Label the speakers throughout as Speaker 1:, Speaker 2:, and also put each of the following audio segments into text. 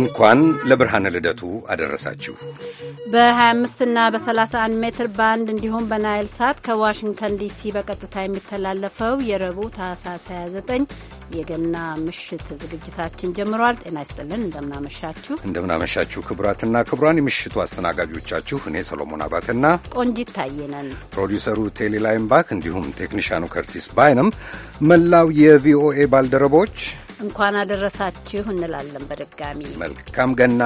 Speaker 1: እንኳን ለብርሃነ ልደቱ አደረሳችሁ።
Speaker 2: በ25ና በ31 ሜትር ባንድ እንዲሁም በናይል ሳት ከዋሽንግተን ዲሲ በቀጥታ የሚተላለፈው የረቡዕ ታህሳስ 29 የገና ምሽት ዝግጅታችን ጀምሯል። ጤና ይስጥልን። እንደምናመሻችሁ
Speaker 1: እንደምናመሻችሁ ክቡራትና ክቡራን፣ የምሽቱ አስተናጋጆቻችሁ እኔ ሰሎሞን አባትና
Speaker 2: ቆንጂት ታየነን፣
Speaker 1: ፕሮዲውሰሩ ቴሌላይምባክ እንዲሁም ቴክኒሻኑ ከርቲስ ባይንም መላው የቪኦኤ ባልደረቦች
Speaker 2: እንኳን አደረሳችሁ እንላለን። በድጋሚ
Speaker 1: መልካም ገና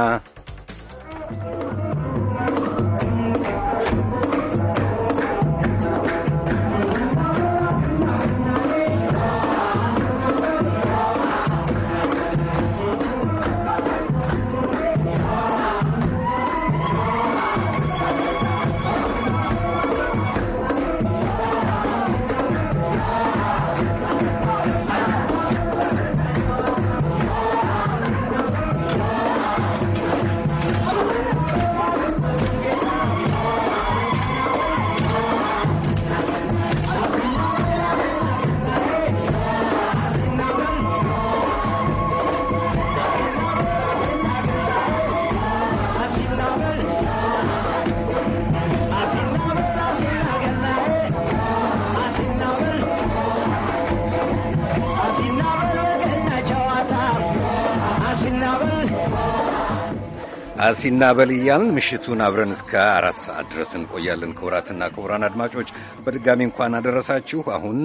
Speaker 1: አሲና በልያልን ምሽቱን አብረን እስከ አራት ሰዓት ድረስ እንቆያለን። ክቡራትና ክቡራን አድማጮች በድጋሚ እንኳን አደረሳችሁ። አሁን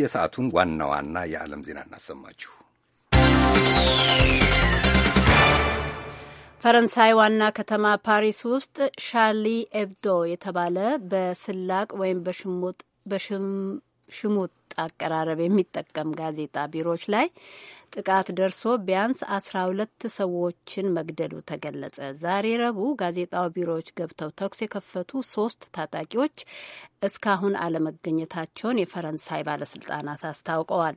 Speaker 1: የሰዓቱን ዋና ዋና የዓለም ዜና እናሰማችሁ።
Speaker 2: ፈረንሳይ ዋና ከተማ ፓሪስ ውስጥ ሻርሊ ኤብዶ የተባለ በስላቅ ወይም በሽሙጥ አቀራረብ የሚጠቀም ጋዜጣ ቢሮዎች ላይ ጥቃት ደርሶ ቢያንስ አስራ ሁለት ሰዎችን መግደሉ ተገለጸ። ዛሬ ረቡዕ ጋዜጣው ቢሮዎች ገብተው ተኩስ የከፈቱ ሶስት ታጣቂዎች እስካሁን አለመገኘታቸውን የፈረንሳይ ባለስልጣናት አስታውቀዋል።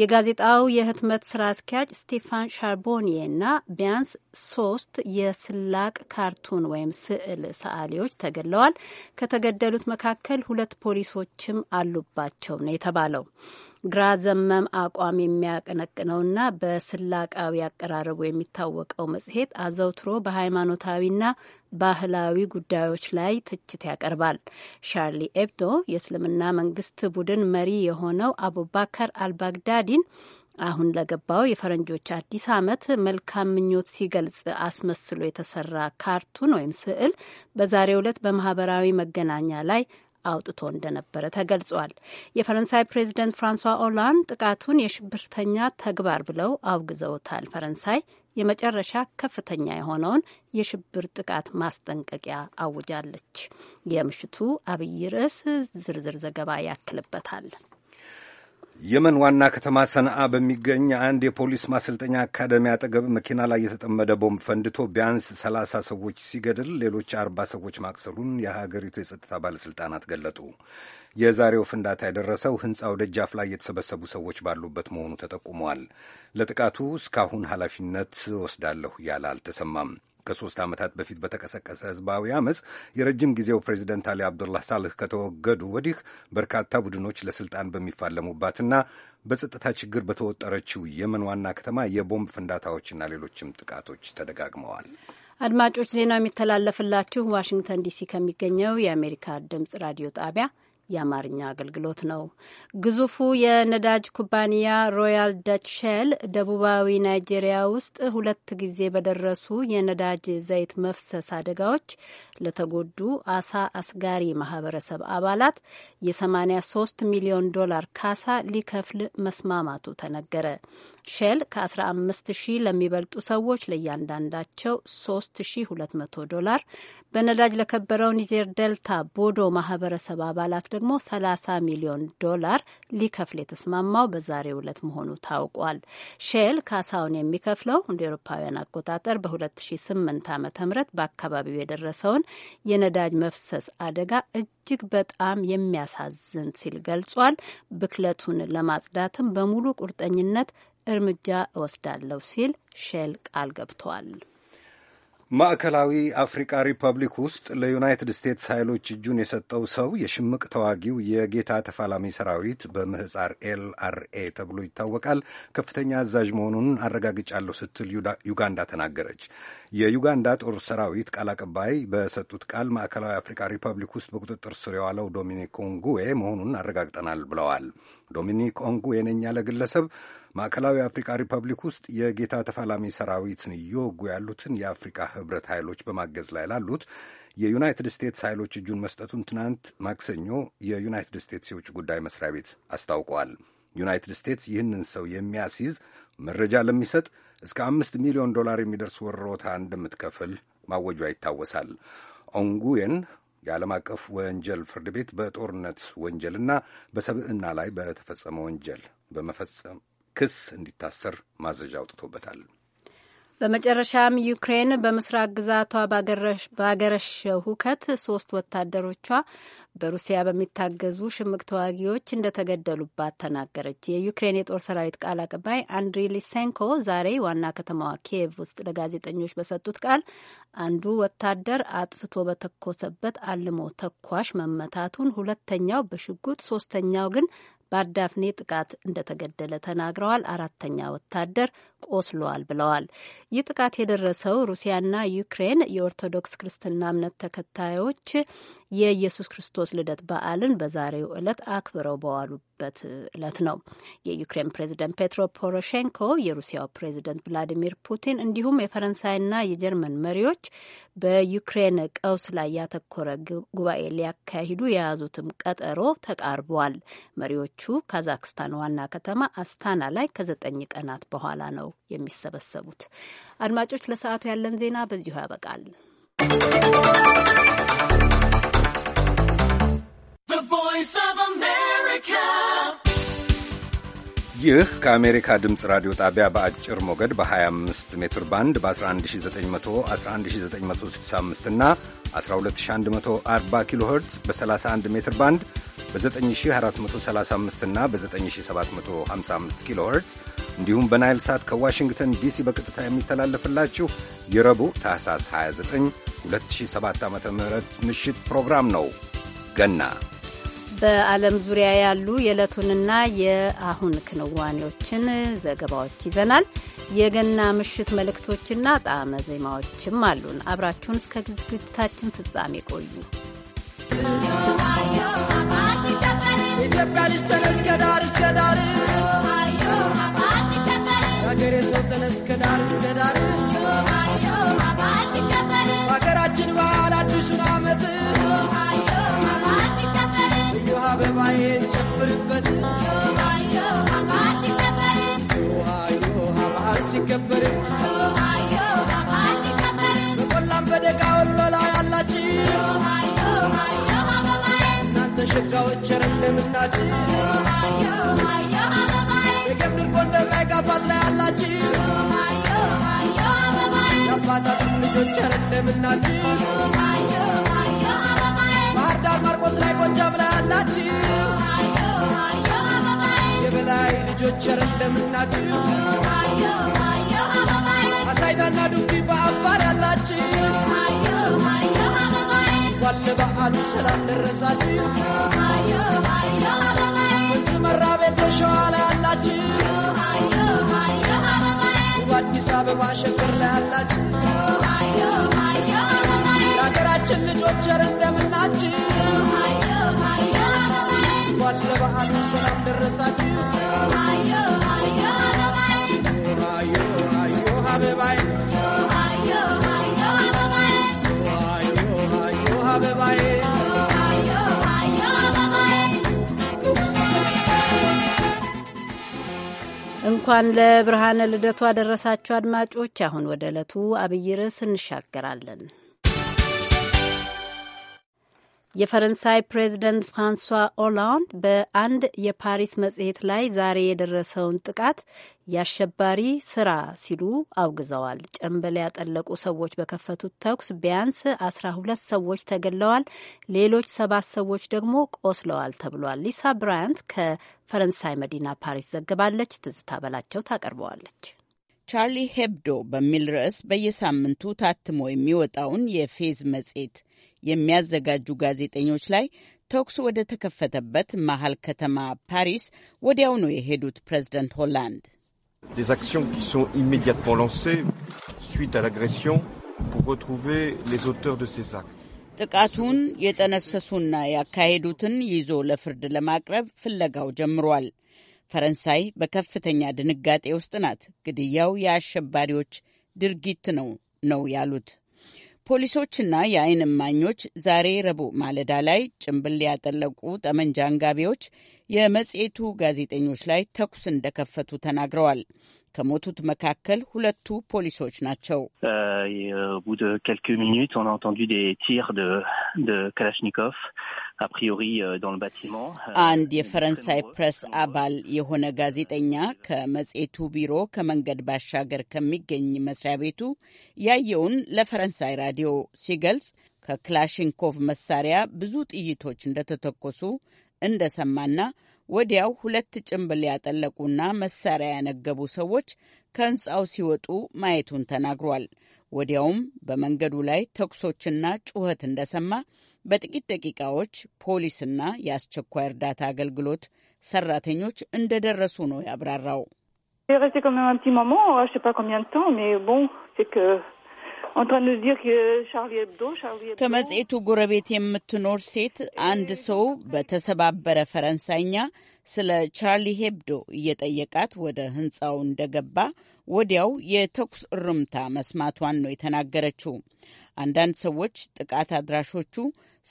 Speaker 2: የጋዜጣው የህትመት ስራ አስኪያጅ ስቴፋን ሻርቦኒዬ እና ቢያንስ ሶስት የስላቅ ካርቱን ወይም ስዕል ሰዓሊዎች ተገድለዋል። ከተገደሉት መካከል ሁለት ፖሊሶችም አሉባቸው ነው የተባለው። ግራ ዘመም አቋም የሚያቀነቅነውና በስላቃዊ አቀራረቡ የሚታወቀው መጽሔት አዘውትሮ በሃይማኖታዊና ባህላዊ ጉዳዮች ላይ ትችት ያቀርባል። ሻርሊ ኤብዶ የእስልምና መንግስት ቡድን መሪ የሆነው አቡባከር አልባግዳዲን አሁን ለገባው የፈረንጆች አዲስ ዓመት መልካም ምኞት ሲገልጽ አስመስሎ የተሰራ ካርቱን ወይም ስዕል በዛሬው ዕለት በማህበራዊ መገናኛ ላይ አውጥቶ እንደነበረ ተገልጿል። የፈረንሳይ ፕሬዚደንት ፍራንሷ ኦላንድ ጥቃቱን የሽብርተኛ ተግባር ብለው አውግዘውታል። ፈረንሳይ የመጨረሻ ከፍተኛ የሆነውን የሽብር ጥቃት ማስጠንቀቂያ አውጃለች። የምሽቱ አብይ ርዕስ ዝርዝር ዘገባ ያክልበታል።
Speaker 1: የመን ዋና ከተማ ሰንዓ በሚገኝ አንድ የፖሊስ ማሰልጠኛ አካዳሚ አጠገብ መኪና ላይ የተጠመደ ቦምብ ፈንድቶ ቢያንስ ሰላሳ ሰዎች ሲገድል ሌሎች አርባ ሰዎች ማቅሰሉን የሀገሪቱ የጸጥታ ባለሥልጣናት ገለጡ። የዛሬው ፍንዳታ የደረሰው ሕንፃው ደጃፍ ላይ የተሰበሰቡ ሰዎች ባሉበት መሆኑ ተጠቁመዋል። ለጥቃቱ እስካሁን ኃላፊነት ወስዳለሁ ያለ አልተሰማም። ከሶስት ዓመታት በፊት በተቀሰቀሰ ህዝባዊ አመፅ የረጅም ጊዜው ፕሬዚደንት አሊ አብዱላህ ሳልህ ከተወገዱ ወዲህ በርካታ ቡድኖች ለስልጣን በሚፋለሙባትና በጸጥታ ችግር በተወጠረችው የመን ዋና ከተማ የቦምብ ፍንዳታዎችና ሌሎችም ጥቃቶች ተደጋግመዋል።
Speaker 2: አድማጮች ዜናው የሚተላለፍላችሁ ዋሽንግተን ዲሲ ከሚገኘው የአሜሪካ ድምጽ ራዲዮ ጣቢያ የአማርኛ አገልግሎት ነው። ግዙፉ የነዳጅ ኩባንያ ሮያል ዳች ሼል ደቡባዊ ናይጄሪያ ውስጥ ሁለት ጊዜ በደረሱ የነዳጅ ዘይት መፍሰስ አደጋዎች ለተጎዱ አሳ አስጋሪ ማህበረሰብ አባላት የ83 ሚሊዮን ዶላር ካሳ ሊከፍል መስማማቱ ተነገረ። ሼል ከ15 ሺህ ለሚበልጡ ሰዎች ለእያንዳንዳቸው 3200 ዶላር፣ በነዳጅ ለከበረው ኒጀር ዴልታ ቦዶ ማህበረሰብ አባላት ደግሞ 30 ሚሊዮን ዶላር ሊከፍል የተስማማው በዛሬው ዕለት መሆኑ ታውቋል። ሼል ካሳውን የሚከፍለው እንደ ኤሮፓውያን አቆጣጠር በ2008 ዓ ም በአካባቢው የደረሰውን የነዳጅ መፍሰስ አደጋ እጅግ በጣም የሚያሳዝን ሲል ገልጿል። ብክለቱን ለማጽዳትም በሙሉ ቁርጠኝነት እርምጃ እወስዳለሁ ሲል ሼል ቃል ገብተዋል።
Speaker 1: ማዕከላዊ አፍሪካ ሪፐብሊክ ውስጥ ለዩናይትድ ስቴትስ ኃይሎች እጁን የሰጠው ሰው የሽምቅ ተዋጊው የጌታ ተፋላሚ ሰራዊት በምህጻር ኤልአርኤ ተብሎ ይታወቃል ከፍተኛ አዛዥ መሆኑን አረጋግጫለሁ ስትል ዩጋንዳ ተናገረች። የዩጋንዳ ጦር ሰራዊት ቃል አቀባይ በሰጡት ቃል ማዕከላዊ አፍሪካ ሪፐብሊክ ውስጥ በቁጥጥር ስር የዋለው ዶሚኒክ ኦንጉዌ መሆኑን አረጋግጠናል ብለዋል። ዶሚኒክ ኦንጉዌ ነኝ ያለ ግለሰብ ማዕከላዊ አፍሪካ ሪፐብሊክ ውስጥ የጌታ ተፋላሚ ሰራዊትን እየወጉ ያሉትን የአፍሪካ ህብረት ኃይሎች በማገዝ ላይ ላሉት የዩናይትድ ስቴትስ ኃይሎች እጁን መስጠቱን ትናንት ማክሰኞ የዩናይትድ ስቴትስ የውጭ ጉዳይ መስሪያ ቤት አስታውቀዋል። ዩናይትድ ስቴትስ ይህንን ሰው የሚያስይዝ መረጃ ለሚሰጥ እስከ አምስት ሚሊዮን ዶላር የሚደርስ ወሮታ እንደምትከፍል ማወጇ ይታወሳል። ኦንጉዌን የዓለም አቀፍ ወንጀል ፍርድ ቤት በጦርነት ወንጀልና በሰብዕና ላይ በተፈጸመ ወንጀል በመፈጸም ክስ እንዲታሰር ማዘዣ አውጥቶበታል።
Speaker 2: በመጨረሻም ዩክሬን በምስራቅ ግዛቷ ባገረሸው ሁከት ሶስት ወታደሮቿ በሩሲያ በሚታገዙ ሽምቅ ተዋጊዎች እንደተገደሉባት ተናገረች። የዩክሬን የጦር ሰራዊት ቃል አቀባይ አንድሪ ሊሴንኮ ዛሬ ዋና ከተማዋ ኪየቭ ውስጥ ለጋዜጠኞች በሰጡት ቃል አንዱ ወታደር አጥፍቶ በተኮሰበት አልሞ ተኳሽ መመታቱን፣ ሁለተኛው በሽጉጥ ሶስተኛው ግን በአዳፍኔ ጥቃት እንደተገደለ ተናግረዋል። አራተኛ ወታደር ቆስሏል ብለዋል። ይህ ጥቃት የደረሰው ሩሲያና ዩክሬን የኦርቶዶክስ ክርስትና እምነት ተከታዮች የኢየሱስ ክርስቶስ ልደት በዓልን በዛሬው ዕለት አክብረው በዋሉበት ዕለት ነው። የዩክሬን ፕሬዚደንት ፔትሮ ፖሮሼንኮ፣ የሩሲያው ፕሬዚደንት ቭላዲሚር ፑቲን እንዲሁም የፈረንሳይና የጀርመን መሪዎች በዩክሬን ቀውስ ላይ ያተኮረ ጉባኤ ሊያካሂዱ የያዙትም ቀጠሮ ተቃርቧል። መሪዎቹ ካዛክስታን ዋና ከተማ አስታና ላይ ከዘጠኝ ቀናት በኋላ ነው የሚሰበሰቡት። አድማጮች ለሰዓቱ ያለን ዜና በዚሁ ያበቃል።
Speaker 1: ይህ ከአሜሪካ ድምፅ ራዲዮ ጣቢያ በአጭር ሞገድ በ25 ሜትር ባንድ በ 11911965 እና 12140 ኪሎ ኸርትዝ በ31 ሜትር ባንድ በ9435 እና በ9755 ኪሎ ኸርትዝ እንዲሁም በናይል ሳት ከዋሽንግተን ዲሲ በቀጥታ የሚተላለፍላችሁ የረቡዕ ታህሳስ 29 2007 ዓ ም ምሽት ፕሮግራም ነው። ገና
Speaker 2: በዓለም ዙሪያ ያሉ የዕለቱንና የአሁን ክንዋኔዎችን ዘገባዎች ይዘናል። የገና ምሽት መልእክቶችና ጣዕመ ዜማዎችም አሉን። አብራችሁን እስከ ዝግጅታችን ፍጻሜ ቆዩ።
Speaker 3: ኢትዮጵያ ልጅ ተነስ ከዳር እስከ ዳር ሀገሬ ሰው ተነስ ከዳር እስከ ዳር ጸጋዎች ቸር እንደምናችሁ ጎንደር ላይ ጋፋት ላይ አላችሁ የአባታትም ልጆች ቸር እንደምናችሁ ባህር ዳር ማርቆስ ላይ ጎጃም ላይ አላችሁ የበላይ ልጆች ቸር እንደምናችሁ አሳይታና ዱኪ በአፋር ያላችሁ እንኳን ለበዓሉ ሰላም ደረሳችሁ። ወንዝ ቤት ሸዋ ላይ አላችሁ! በአዲስ አበባ ሸገር ላይ አላችሁ የሀገራችን ልጆች ቸር እንደምናችሁ እንኳን ለበዓሉ ሰላም ደረሳችሁ።
Speaker 2: እንኳን ለብርሃነ ልደቱ አደረሳችሁ አድማጮች። አሁን ወደ ዕለቱ አብይ ርዕስ እንሻገራለን። የፈረንሳይ ፕሬዚደንት ፍራንሷ ኦላንድ በአንድ የፓሪስ መጽሔት ላይ ዛሬ የደረሰውን ጥቃት የአሸባሪ ስራ ሲሉ አውግዘዋል። ጨንበል ያጠለቁ ሰዎች በከፈቱት ተኩስ ቢያንስ አስራ ሁለት ሰዎች ተገድለዋል፣ ሌሎች ሰባት ሰዎች ደግሞ ቆስለዋል ተብሏል። ሊሳ
Speaker 4: ብራያንት ከፈረንሳይ መዲና ፓሪስ ዘግባለች። ትዝታ በላቸው ታቀርበዋለች። ቻርሊ ሄብዶ በሚል ርዕስ በየሳምንቱ ታትሞ የሚወጣውን የፌዝ መጽሔት የሚያዘጋጁ ጋዜጠኞች ላይ ተኩስ ወደ ተከፈተበት መሀል ከተማ ፓሪስ ወዲያው ነው የሄዱት። ፕሬዚደንት ሆላንድ ጥቃቱን የጠነሰሱና ያካሄዱትን ይዞ ለፍርድ ለማቅረብ ፍለጋው ጀምሯል። ፈረንሳይ በከፍተኛ ድንጋጤ ውስጥ ናት። ግድያው የአሸባሪዎች ድርጊት ነው ነው ያሉት ፖሊሶችና የአይን እማኞች ዛሬ ረቡዕ ማለዳ ላይ ጭንብል ያጠለቁ ጠመንጃ አንጋቢዎች የመጽሔቱ ጋዜጠኞች ላይ ተኩስ እንደከፈቱ ተናግረዋል። ከሞቱት መካከል ሁለቱ ፖሊሶች ናቸው።
Speaker 5: euh, Euh, euh,
Speaker 4: አንድ የፈረንሳይ ፕሬስ አባል የሆነ ጋዜጠኛ ከመጽሔቱ ቢሮ ከመንገድ ባሻገር ከሚገኝ መስሪያ ቤቱ ያየውን ለፈረንሳይ ራዲዮ ሲገልጽ ከክላሽንኮቭ መሳሪያ ብዙ ጥይቶች እንደተተኮሱ እንደሰማና ወዲያው ሁለት ጭንብል ያጠለቁና መሳሪያ ያነገቡ ሰዎች ከህንፃው ሲወጡ ማየቱን ተናግሯል። ወዲያውም በመንገዱ ላይ ተኩሶችና ጩኸት እንደሰማ በጥቂት ደቂቃዎች ፖሊስና የአስቸኳይ እርዳታ አገልግሎት ሰራተኞች እንደደረሱ ነው ያብራራው። euh, ከመጽሔቱ ጎረቤት የምትኖር ሴት አንድ ሰው በተሰባበረ ፈረንሳይኛ ስለ ቻርሊ ሄብዶ እየጠየቃት ወደ ህንፃው እንደገባ ወዲያው የተኩስ እርምታ መስማቷን ነው የተናገረችው። አንዳንድ ሰዎች ጥቃት አድራሾቹ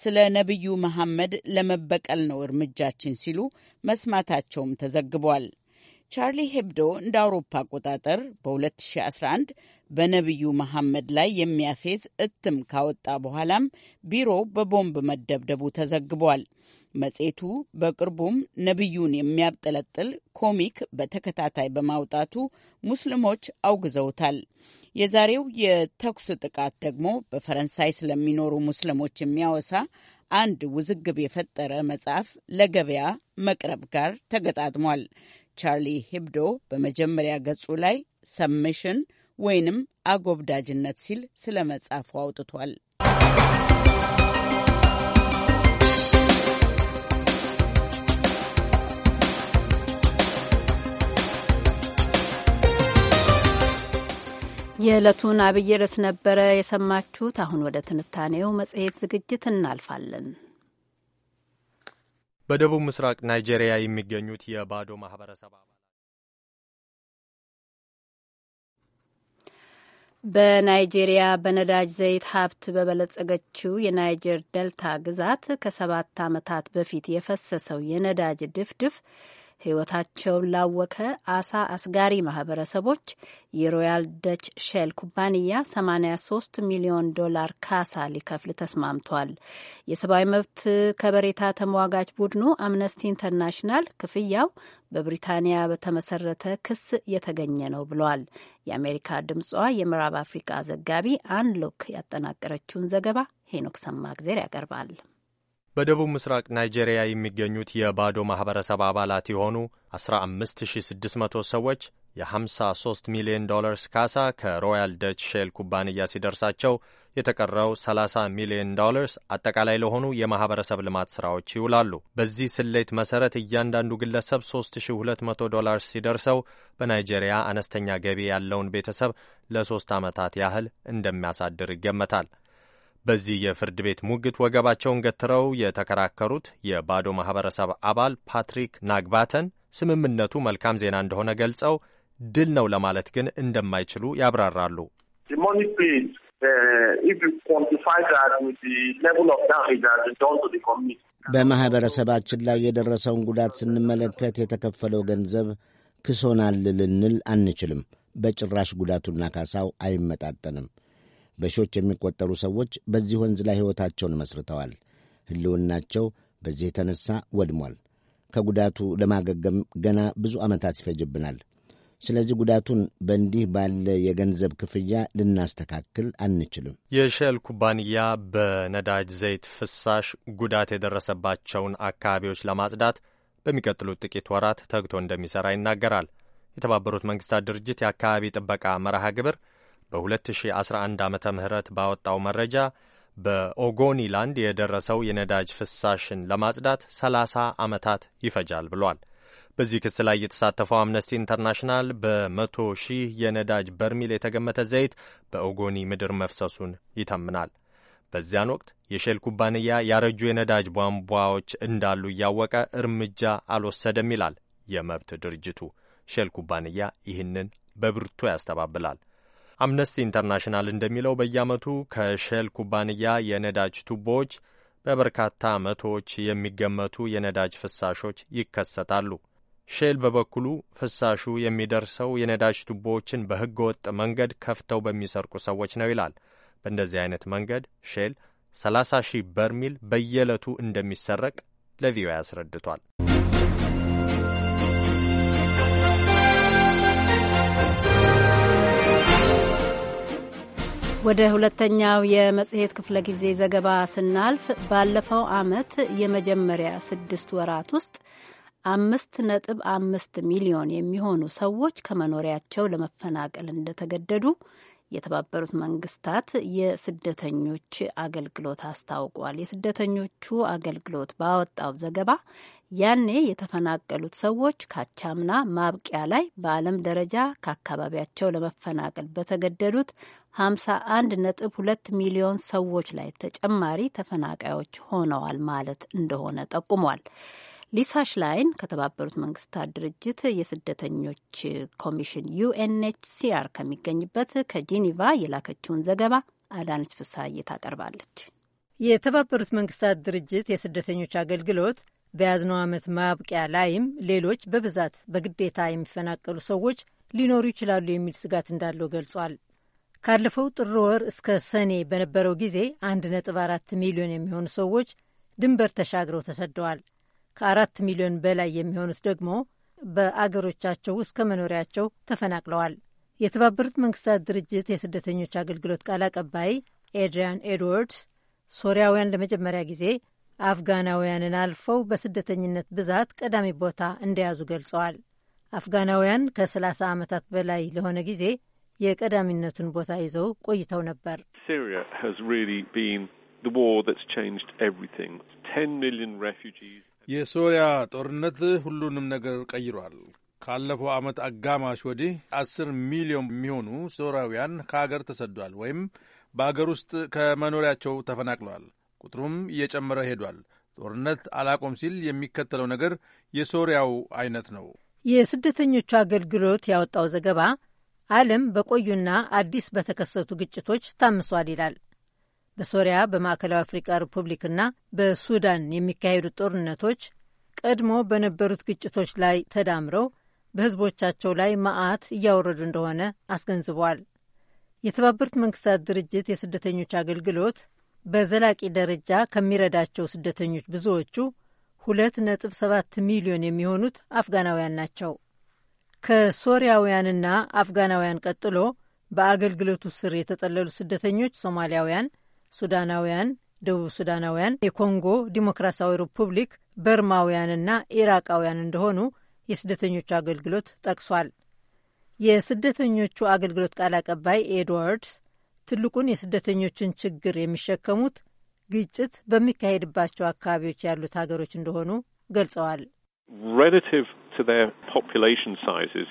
Speaker 4: ስለ ነቢዩ መሐመድ ለመበቀል ነው እርምጃችን ሲሉ መስማታቸውም ተዘግቧል። ቻርሊ ሄብዶ እንደ አውሮፓ አቆጣጠር በ2011 በነቢዩ መሐመድ ላይ የሚያፌዝ እትም ካወጣ በኋላም ቢሮው በቦምብ መደብደቡ ተዘግቧል። መጽሔቱ በቅርቡም ነቢዩን የሚያብጠለጥል ኮሚክ በተከታታይ በማውጣቱ ሙስሊሞች አውግዘውታል። የዛሬው የተኩስ ጥቃት ደግሞ በፈረንሳይ ስለሚኖሩ ሙስሊሞች የሚያወሳ አንድ ውዝግብ የፈጠረ መጽሐፍ ለገበያ መቅረብ ጋር ተገጣጥሟል። ቻርሊ ሂብዶ በመጀመሪያ ገጹ ላይ ሰምሽን ወይንም አጎብዳጅነት ሲል ስለ መጽሐፉ አውጥቷል።
Speaker 2: የዕለቱን አብይ ርዕስ ነበረ የሰማችሁት። አሁን ወደ ትንታኔው መጽሔት ዝግጅት እናልፋለን።
Speaker 6: በደቡብ ምስራቅ ናይጄሪያ የሚገኙት የባዶ ማህበረሰብ
Speaker 2: በናይጄሪያ በነዳጅ ዘይት ሀብት በበለጸገችው የናይጀር ደልታ ግዛት ከሰባት ዓመታት በፊት የፈሰሰው የነዳጅ ድፍድፍ ሕይወታቸውን ላወከ አሳ አስጋሪ ማህበረሰቦች የሮያል ደች ሼል ኩባንያ 83 ሚሊዮን ዶላር ካሳ ሊከፍል ተስማምቷል። የሰብአዊ መብት ከበሬታ ተሟጋች ቡድኑ አምነስቲ ኢንተርናሽናል ክፍያው በብሪታንያ በተመሰረተ ክስ የተገኘ ነው ብሏል። የአሜሪካ ድምጿ የምዕራብ አፍሪቃ ዘጋቢ አን ሎክ ያጠናቀረችውን ዘገባ ሄኖክ ሰማግዜር ያቀርባል።
Speaker 6: በደቡብ ምስራቅ ናይጄሪያ የሚገኙት የባዶ ማኅበረሰብ አባላት የሆኑ 15600 ሰዎች የ53 ሚሊዮን ዶላርስ ካሳ ከሮያል ደች ሼል ኩባንያ ሲደርሳቸው የተቀረው 30 ሚሊዮን ዶላርስ አጠቃላይ ለሆኑ የማኅበረሰብ ልማት ሥራዎች ይውላሉ። በዚህ ስሌት መሠረት እያንዳንዱ ግለሰብ 3200 ዶላርስ ሲደርሰው በናይጄሪያ አነስተኛ ገቢ ያለውን ቤተሰብ ለሦስት ዓመታት ያህል እንደሚያሳድር ይገመታል። በዚህ የፍርድ ቤት ሙግት ወገባቸውን ገትረው የተከራከሩት የባዶ ማህበረሰብ አባል ፓትሪክ ናግባተን ስምምነቱ መልካም ዜና እንደሆነ ገልጸው ድል ነው ለማለት ግን እንደማይችሉ ያብራራሉ።
Speaker 7: uh,
Speaker 8: በማህበረሰባችን ላይ የደረሰውን ጉዳት ስንመለከት የተከፈለው ገንዘብ ክሶናል ልንል አንችልም። በጭራሽ ጉዳቱና ካሳው አይመጣጠንም። በሺዎች የሚቆጠሩ ሰዎች በዚህ ወንዝ ላይ ሕይወታቸውን መስርተዋል። ሕልውናቸው በዚህ የተነሳ ወድሟል። ከጉዳቱ ለማገገም ገና ብዙ ዓመታት ይፈጅብናል። ስለዚህ ጉዳቱን በእንዲህ ባለ የገንዘብ ክፍያ ልናስተካክል አንችልም።
Speaker 6: የሼል ኩባንያ በነዳጅ ዘይት ፍሳሽ ጉዳት የደረሰባቸውን አካባቢዎች ለማጽዳት በሚቀጥሉት ጥቂት ወራት ተግቶ እንደሚሠራ ይናገራል። የተባበሩት መንግስታት ድርጅት የአካባቢ ጥበቃ መርሃ ግብር በ2011 ዓ ም ባወጣው መረጃ በኦጎኒላንድ የደረሰው የነዳጅ ፍሳሽን ለማጽዳት 30 ዓመታት ይፈጃል ብሏል። በዚህ ክስ ላይ የተሳተፈው አምነስቲ ኢንተርናሽናል በመቶ ሺህ የነዳጅ በርሚል የተገመተ ዘይት በኦጎኒ ምድር መፍሰሱን ይተምናል። በዚያን ወቅት የሼል ኩባንያ ያረጁ የነዳጅ ቧንቧዎች እንዳሉ እያወቀ እርምጃ አልወሰደም ይላል የመብት ድርጅቱ። ሼል ኩባንያ ይህንን በብርቱ ያስተባብላል። አምነስቲ ኢንተርናሽናል እንደሚለው በየዓመቱ ከሼል ኩባንያ የነዳጅ ቱቦዎች በበርካታ መቶዎች የሚገመቱ የነዳጅ ፍሳሾች ይከሰታሉ። ሼል በበኩሉ ፍሳሹ የሚደርሰው የነዳጅ ቱቦዎችን በሕገ ወጥ መንገድ ከፍተው በሚሰርቁ ሰዎች ነው ይላል። በእንደዚህ አይነት መንገድ ሼል 30 ሺህ በርሚል በየዕለቱ እንደሚሰረቅ ለቪኦኤ አስረድቷል።
Speaker 2: ወደ ሁለተኛው የመጽሔት ክፍለ ጊዜ ዘገባ ስናልፍ ባለፈው ዓመት የመጀመሪያ ስድስት ወራት ውስጥ አምስት ነጥብ አምስት ሚሊዮን የሚሆኑ ሰዎች ከመኖሪያቸው ለመፈናቀል እንደተገደዱ የተባበሩት መንግስታት የስደተኞች አገልግሎት አስታውቋል። የስደተኞቹ አገልግሎት ባወጣው ዘገባ ያኔ የተፈናቀሉት ሰዎች ካቻምና ማብቂያ ላይ በዓለም ደረጃ ከአካባቢያቸው ለመፈናቀል በተገደዱት 51.2 ሚሊዮን ሰዎች ላይ ተጨማሪ ተፈናቃዮች ሆነዋል ማለት እንደሆነ ጠቁሟል። ሊሳ ሽላይን ከተባበሩት መንግስታት ድርጅት የስደተኞች ኮሚሽን ዩኤንኤችሲአር ከሚገኝበት ከጄኒቫ የላከችውን ዘገባ አዳነች ፍሳዬ ታቀርባለች።
Speaker 9: የተባበሩት መንግስታት ድርጅት የስደተኞች አገልግሎት በያዝነው ዓመት ማብቂያ ላይም ሌሎች በብዛት በግዴታ የሚፈናቀሉ ሰዎች ሊኖሩ ይችላሉ የሚል ስጋት እንዳለው ገልጿል። ካለፈው ጥር ወር እስከ ሰኔ በነበረው ጊዜ 1.4 ሚሊዮን የሚሆኑ ሰዎች ድንበር ተሻግረው ተሰደዋል። ከአራት ሚሊዮን በላይ የሚሆኑት ደግሞ በአገሮቻቸው ውስጥ ከመኖሪያቸው ተፈናቅለዋል። የተባበሩት መንግስታት ድርጅት የስደተኞች አገልግሎት ቃል አቀባይ ኤድሪያን ኤድዋርድስ ሶሪያውያን ለመጀመሪያ ጊዜ አፍጋናውያንን አልፈው በስደተኝነት ብዛት ቀዳሚ ቦታ እንደያዙ ገልጸዋል። አፍጋናውያን ከ30 ዓመታት በላይ ለሆነ ጊዜ የቀዳሚነቱን ቦታ ይዘው ቆይተው ነበር።
Speaker 10: የሶሪያ ጦርነት ሁሉንም ነገር ቀይሯል። ካለፈው ዓመት አጋማሽ ወዲህ አስር ሚሊዮን የሚሆኑ ሶሪያውያን ከሀገር ተሰዷል ወይም በአገር ውስጥ ከመኖሪያቸው ተፈናቅለዋል። ቁጥሩም እየጨመረ ሄዷል። ጦርነት አላቆም ሲል የሚከተለው ነገር የሶሪያው አይነት ነው።
Speaker 9: የስደተኞቹ አገልግሎት ያወጣው ዘገባ ዓለም በቆዩና አዲስ በተከሰቱ ግጭቶች ታምሷል ይላል። በሶሪያ በማዕከላዊ አፍሪካ ሪፑብሊክና በሱዳን የሚካሄዱት ጦርነቶች ቀድሞ በነበሩት ግጭቶች ላይ ተዳምረው በህዝቦቻቸው ላይ መዓት እያወረዱ እንደሆነ አስገንዝበዋል። የተባበሩት መንግስታት ድርጅት የስደተኞች አገልግሎት በዘላቂ ደረጃ ከሚረዳቸው ስደተኞች ብዙዎቹ 2.7 ሚሊዮን የሚሆኑት አፍጋናውያን ናቸው። ከሶሪያውያንና አፍጋናውያን ቀጥሎ በአገልግሎቱ ስር የተጠለሉ ስደተኞች ሶማሊያውያን፣ ሱዳናውያን፣ ደቡብ ሱዳናውያን፣ የኮንጎ ዲሞክራሲያዊ ሪፑብሊክ በርማውያንና ኢራቃውያን እንደሆኑ የስደተኞቹ አገልግሎት ጠቅሷል። የስደተኞቹ አገልግሎት ቃል አቀባይ ኤድዋርድስ ትልቁን የስደተኞችን ችግር የሚሸከሙት ግጭት በሚካሄድባቸው አካባቢዎች ያሉት ሀገሮች እንደሆኑ ገልጸዋል።
Speaker 11: Relative to their population sizes,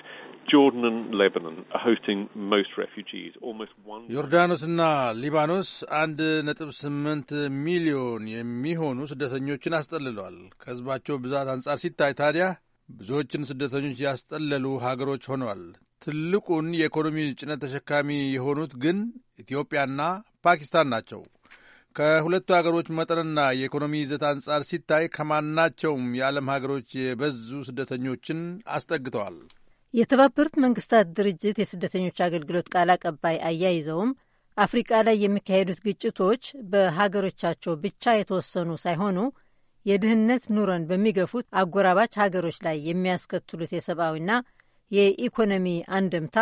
Speaker 10: ዮርዳኖስና ሊባኖስ አንድ ነጥብ ስምንት ሚሊዮን የሚሆኑ ስደተኞችን አስጠልለዋል። ከሕዝባቸው ብዛት አንጻር ሲታይ ታዲያ ብዙዎችን ስደተኞች ያስጠለሉ ሀገሮች ሆነዋል። ትልቁን የኢኮኖሚ ጭነት ተሸካሚ የሆኑት ግን ኢትዮጵያና ፓኪስታን ናቸው። ከሁለቱ ሀገሮች መጠንና የኢኮኖሚ ይዘት አንጻር ሲታይ ከማናቸውም የዓለም ሀገሮች የበዙ ስደተኞችን አስጠግተዋል።
Speaker 9: የተባበሩት መንግስታት ድርጅት የስደተኞች አገልግሎት ቃል አቀባይ አያይዘውም አፍሪቃ ላይ የሚካሄዱት ግጭቶች በሀገሮቻቸው ብቻ የተወሰኑ ሳይሆኑ የድህነት ኑረን በሚገፉት አጎራባች ሀገሮች ላይ የሚያስከትሉት የሰብአዊና የኢኮኖሚ አንድምታ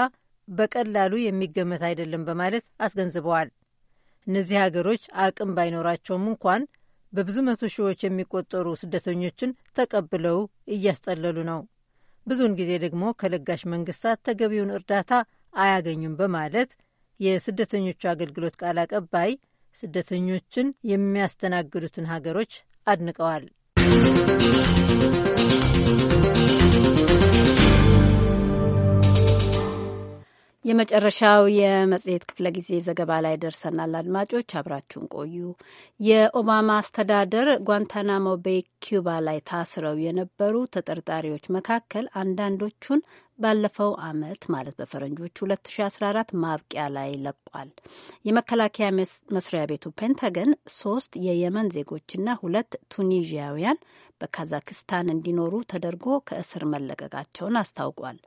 Speaker 9: በቀላሉ የሚገመት አይደለም በማለት አስገንዝበዋል። እነዚህ ሀገሮች አቅም ባይኖራቸውም እንኳን በብዙ መቶ ሺዎች የሚቆጠሩ ስደተኞችን ተቀብለው እያስጠለሉ ነው። ብዙውን ጊዜ ደግሞ ከለጋሽ መንግስታት ተገቢውን እርዳታ አያገኙም በማለት የስደተኞቹ አገልግሎት ቃል አቀባይ ስደተኞችን የሚያስተናግዱትን ሀገሮች አድንቀዋል።
Speaker 2: የመጨረሻው የመጽሔት ክፍለ ጊዜ ዘገባ ላይ ደርሰናል። አድማጮች አብራችሁን ቆዩ። የኦባማ አስተዳደር ጓንታናሞ ቤይ ኪዩባ ላይ ታስረው የነበሩ ተጠርጣሪዎች መካከል አንዳንዶቹን ባለፈው ዓመት ማለት በፈረንጆች 2014 ማብቂያ ላይ ለቋል። የመከላከያ መስሪያ ቤቱ ፔንታገን ሶስት የየመን ዜጎችና ሁለት ቱኒዥያውያን በካዛክስታን እንዲኖሩ ተደርጎ ከእስር መለቀቃቸውን አስታውቋል።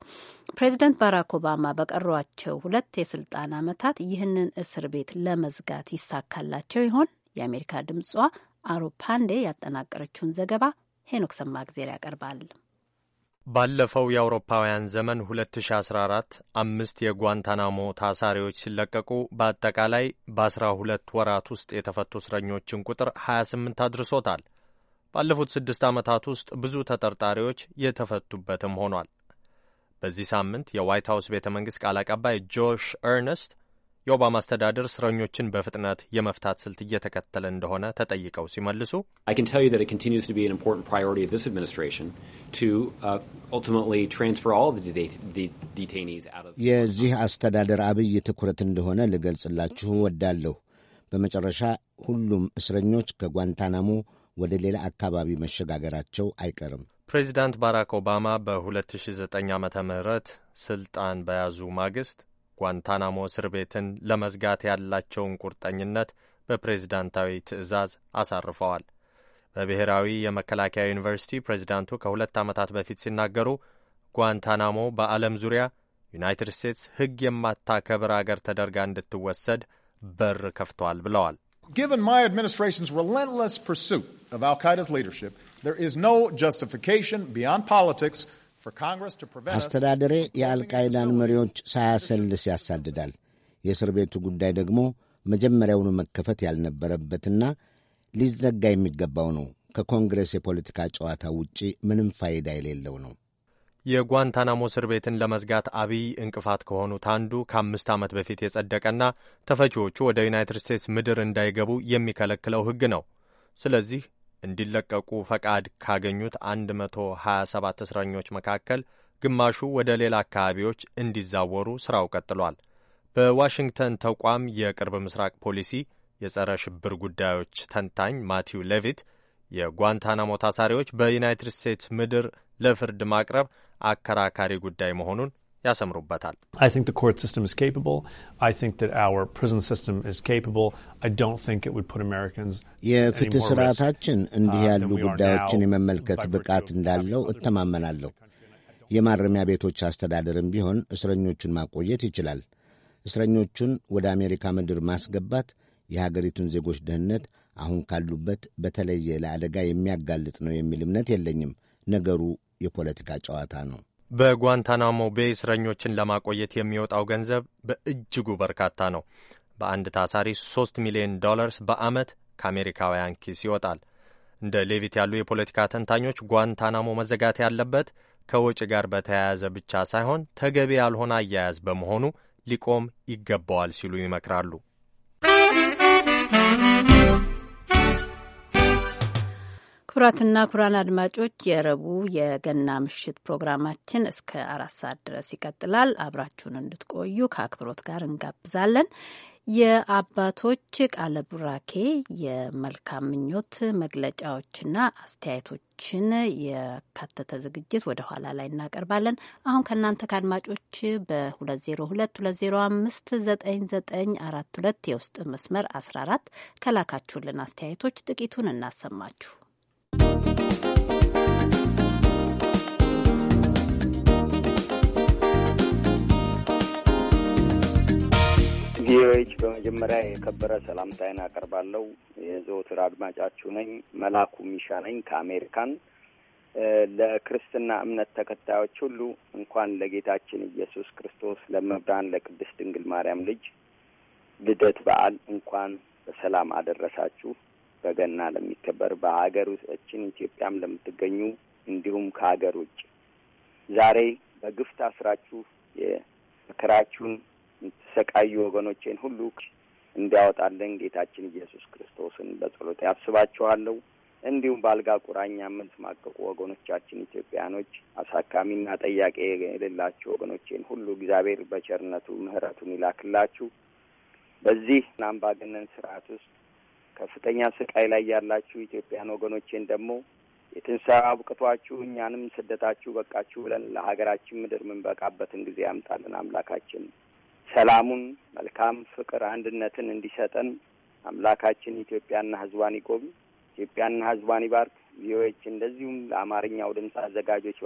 Speaker 2: ፕሬዚደንት ባራክ ኦባማ በቀሯቸው ሁለት የስልጣን ዓመታት ይህንን እስር ቤት ለመዝጋት ይሳካላቸው ይሆን? የአሜሪካ ድምጿ አውሮፓንዴ ያጠናቀረችውን ዘገባ ሄኖክ ሰማእግዜር ያቀርባል።
Speaker 6: ባለፈው የአውሮፓውያን ዘመን 2014 አምስት የጓንታናሞ ታሳሪዎች ሲለቀቁ በአጠቃላይ በ12 ወራት ውስጥ የተፈቱ እስረኞችን ቁጥር 28 አድርሶታል። ባለፉት ስድስት ዓመታት ውስጥ ብዙ ተጠርጣሪዎች የተፈቱበትም ሆኗል። በዚህ ሳምንት የዋይት ሀውስ ቤተ መንግሥት ቃል አቀባይ ጆሽ ኤርነስት የኦባማ አስተዳደር እስረኞችን በፍጥነት የመፍታት ስልት እየተከተለ እንደሆነ ተጠይቀው ሲመልሱ
Speaker 12: uh,
Speaker 8: የዚህ አስተዳደር አብይ ትኩረት እንደሆነ ልገልጽላችሁ እወዳለሁ። በመጨረሻ ሁሉም እስረኞች ከጓንታናሞ ወደ ሌላ አካባቢ መሸጋገራቸው አይቀርም።
Speaker 6: ፕሬዚዳንት ባራክ ኦባማ በ2009 ዓ ም ስልጣን በያዙ ማግስት ጓንታናሞ እስር ቤትን ለመዝጋት ያላቸውን ቁርጠኝነት በፕሬዝዳንታዊ ትዕዛዝ አሳርፈዋል። በብሔራዊ የመከላከያ ዩኒቨርሲቲ ፕሬዚዳንቱ ከሁለት ዓመታት በፊት ሲናገሩ ጓንታናሞ በዓለም ዙሪያ ዩናይትድ ስቴትስ ሕግ የማታከብር አገር ተደርጋ እንድትወሰድ በር ከፍቷል ብለዋል።
Speaker 8: Given my administration's relentless pursuit of Al Qaeda's leadership, there is no justification beyond politics for Congress to prevent. አስተዳደሬ የአልቃይዳን መሪዎች ሳያሰልስ ያሳድዳል። የእስር ቤቱ ጉዳይ ደግሞ መጀመሪያውኑ መከፈት ያልነበረበትና ሊዘጋ የሚገባው ነው። ከኮንግረስ የፖለቲካ ጨዋታ ውጪ ምንም ፋይዳ የሌለው ነው።
Speaker 6: የጓንታናሞ እስር ቤትን ለመዝጋት አብይ እንቅፋት ከሆኑት አንዱ ከአምስት ዓመት በፊት የጸደቀና ተፈቺዎቹ ወደ ዩናይትድ ስቴትስ ምድር እንዳይገቡ የሚከለክለው ሕግ ነው። ስለዚህ እንዲለቀቁ ፈቃድ ካገኙት 127 እስረኞች መካከል ግማሹ ወደ ሌላ አካባቢዎች እንዲዛወሩ ሥራው ቀጥሏል። በዋሽንግተን ተቋም የቅርብ ምስራቅ ፖሊሲ የጸረ ሽብር ጉዳዮች ተንታኝ ማቲው ሌቪት የጓንታናሞ ታሳሪዎች በዩናይትድ ስቴትስ ምድር ለፍርድ ማቅረብ አከራካሪ ጉዳይ መሆኑን ያሰምሩበታል።
Speaker 8: የፍትህ ስርዓታችን uh, እንዲህ ያሉ ጉዳዮችን የመመልከት ብቃት እንዳለው እተማመናለሁ። የማረሚያ ቤቶች አስተዳደርም ቢሆን እስረኞቹን ማቆየት ይችላል። እስረኞቹን ወደ አሜሪካ ምድር ማስገባት የሀገሪቱን ዜጎች ደህንነት አሁን ካሉበት በተለየ ለአደጋ የሚያጋልጥ ነው የሚል እምነት የለኝም። ነገሩ የፖለቲካ ጨዋታ ነው።
Speaker 6: በጓንታናሞ ቤይ እስረኞችን ለማቆየት የሚወጣው ገንዘብ በእጅጉ በርካታ ነው። በአንድ ታሳሪ 3 ሚሊዮን ዶላርስ በዓመት ከአሜሪካውያን ኪስ ይወጣል። እንደ ሌቪት ያሉ የፖለቲካ ተንታኞች ጓንታናሞ መዘጋት ያለበት ከወጪ ጋር በተያያዘ ብቻ ሳይሆን ተገቢ ያልሆነ አያያዝ በመሆኑ ሊቆም ይገባዋል ሲሉ ይመክራሉ።
Speaker 2: ክቡራትና ክቡራን አድማጮች የረቡ የገና ምሽት ፕሮግራማችን እስከ አራት ሰዓት ድረስ ይቀጥላል። አብራችሁን እንድትቆዩ ከአክብሮት ጋር እንጋብዛለን። የአባቶች ቃለ ቡራኬ፣ የመልካም ምኞት መግለጫዎችና አስተያየቶችን ያካተተ ዝግጅት ወደ ኋላ ላይ እናቀርባለን። አሁን ከእናንተ ከአድማጮች በ202 የውስጥ መስመር 14 ከላካችሁልን አስተያየቶች ጥቂቱን እናሰማችሁ።
Speaker 13: ቪኦኤች በመጀመሪያ የከበረ ሰላምታዬን አቀርባለሁ። የዘወትር አድማጫችሁ ነኝ። መላኩ ሚሻ ነኝ ከአሜሪካን። ለክርስትና እምነት ተከታዮች ሁሉ እንኳን ለጌታችን ኢየሱስ ክርስቶስ ለመብራን ለቅድስት ድንግል ማርያም ልጅ ልደት በዓል እንኳን በሰላም አደረሳችሁ። በገና ለሚከበር በሀገር ውስጣችን ኢትዮጵያም ለምትገኙ እንዲሁም ከሀገር ውጭ ዛሬ በግፍ ታስራችሁ የምክራችሁን የምትሰቃዩ ወገኖቼን ሁሉ እንዲያወጣለን ጌታችን ኢየሱስ ክርስቶስን በጸሎት ያስባችኋለሁ። እንዲሁም በአልጋ ቁራኛ የምንስማቀቁ ወገኖቻችን ኢትዮጵያኖች፣ አሳካሚና ጠያቄ የሌላችሁ ወገኖቼን ሁሉ እግዚአብሔር በቸርነቱ ምሕረቱን ይላክላችሁ። በዚህ አምባገነን ስርዓት ውስጥ ከፍተኛ ስቃይ ላይ ያላችሁ ኢትዮጵያን ወገኖቼን ደግሞ የትንሣኤ አብቅቷችሁ እኛንም ስደታችሁ በቃችሁ ብለን ለሀገራችን ምድር የምንበቃበትን ጊዜ ያምጣልን አምላካችን። ሰላሙን፣ መልካም ፍቅር፣ አንድነትን እንዲሰጠን አምላካችን ኢትዮጵያና ህዝቧን ይጎብኝ፣ ኢትዮጵያና ህዝቧን ይባርክ። ቪኦኤች እንደዚሁም ለአማርኛው ድምፅ አዘጋጆች